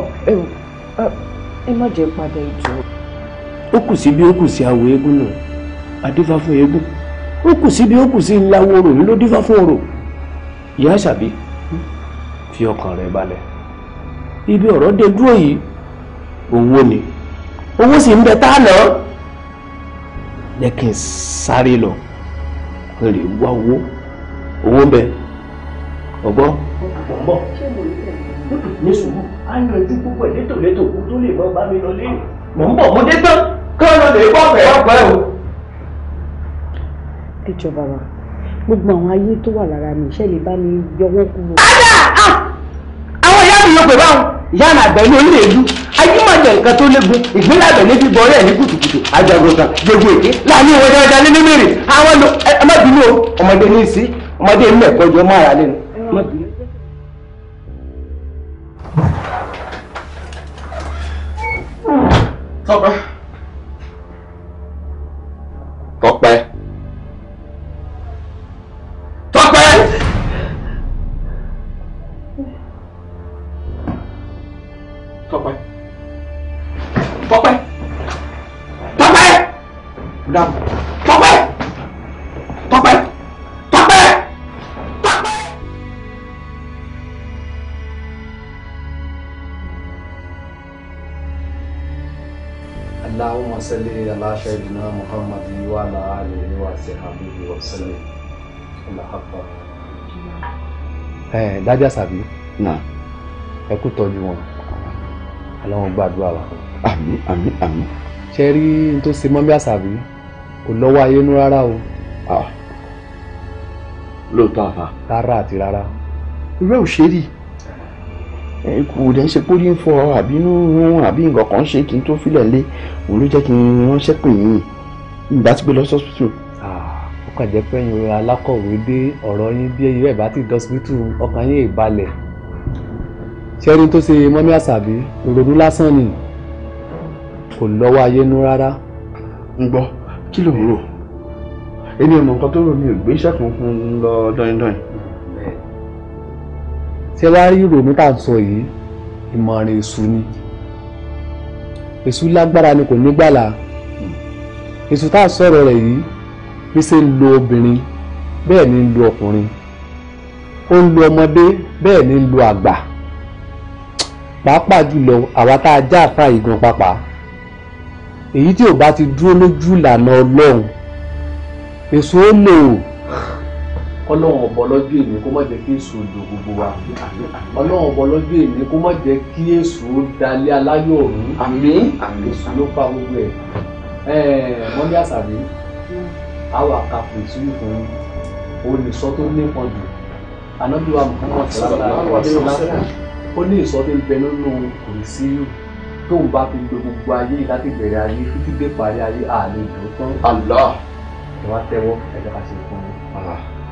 ẹ má jẹ́ padà ìjọ. ó kù sí bí ó kù sí àwọ̀ eégún náà adífá fún eégún ó kù sí bí ó kù sí ìlàwọ̀ orò ló dífá fún hmm, ibi ọ̀rọ̀ dé dúró yìí owó ni owó sì ń bẹ tá a lọ lè wá owó owó ń bẹ ọgbọ́n. ọgbọ́n ní sùúrù á yanjú púpọ̀ létòlétò kó tó lè mọ bá mi lọ lé mọ̀ ń bọ mo dé tán kán lọ lè o. ìjọba wa gbogbo àwọn ayé tó wà lára mi ìṣẹ́ lè bá mi yọwọ́ kúrò. àwọn ìyá mi yóò pè báwọn ìyá orílẹ̀ èdè ayé máa jẹ nǹkan tó léegun ìgbélé ọmọdé ilé ẹ̀kọ́ jọ mọ́ ara lẹ́nu. Tọ́pẹ́. Tọ́pẹ́. سيدنا محمد وعلى آله وصحبه وسلم الحق ẹ dájà sàbí ẹ kú tọ́jú wọn Ọlọ́run gbàdúrà wa. àmín àmín àmín. ṣe rí n tó ṣe mọ́mí àṣàbí kò lọ́wọ́ ayé nú rárá o. Ah. lóòótọ́ àfà. rárá àti rárá. irú ẹ̀ kò dẹ́ ṣe pórí ń fọ àbínú rún àbí nǹkan kan ṣe kí n tó filẹ̀ lé òun ló jẹ́ kí n ránṣẹ́ pè yín ìgbà tí gbé lọ sọ́sítù. ó kàn jẹ́ pé ẹ̀yin alákọ̀wé dé ọ̀rọ̀ yín bí ẹ̀yin rẹ̀ bá ti dọ́sítù ọkàn yín ìbalẹ̀ ṣẹ́ni tó ṣe mọ́mí àṣàbí ìrònú lásán ni kò lọ́wọ́ ayé nú rárá. ń gbọ́ kí ló ń rò èmi ò mọ nǹkan tó rò mí ò gbé iṣẹ́ kan fún un lọ dọ́yìndọ́yìn ṣé wàá rí ìrònú tá à ń sọ yìí ìmọ̀ràn èṣù ni èṣù lágbára ni kò nígbàlà èṣù tá à sọ̀rọ̀ rẹ̀ yìí bí ṣe ń lo obìnrin bẹ́ẹ̀ ni ń lo ọkùnrin ó ń lo ọmọdé bẹ́ẹ̀ ni ń lo àgbà pàápàá jùlọ àwa tá a já àfa ìgbọ̀n pàpà èyí tí ò bá ti dúró lójú ìlànà ọlọ́run èṣù ó lè o ọlọ́run ọ̀bọ lọ́jọ́ èmi kó má jẹ́ kí èso odò gbogbo wa ọlọ́run ọ̀bọ lọ́jọ́ èmi kó má jẹ́ kí èso dalẹ̀ aláyọ̀ ọ̀run àmín èso ló pa gbogbo ẹ̀ wọ́n ní àṣàbí àwọn àkàpọ̀ ìṣúlù fún olùsọ tó nípọn jù anábìwá Muhammad sallallahu alaihi wasallam ó ní ìsọ tó ń bẹ nínú kòrìsíyù tóun bá fi gbé gbogbo ayé láti bẹ̀rẹ̀ ayé títí dé parí ayé àlejò tán. Allah ẹ wá tẹ́wọ́ ẹ̀dá àti ìfún mi.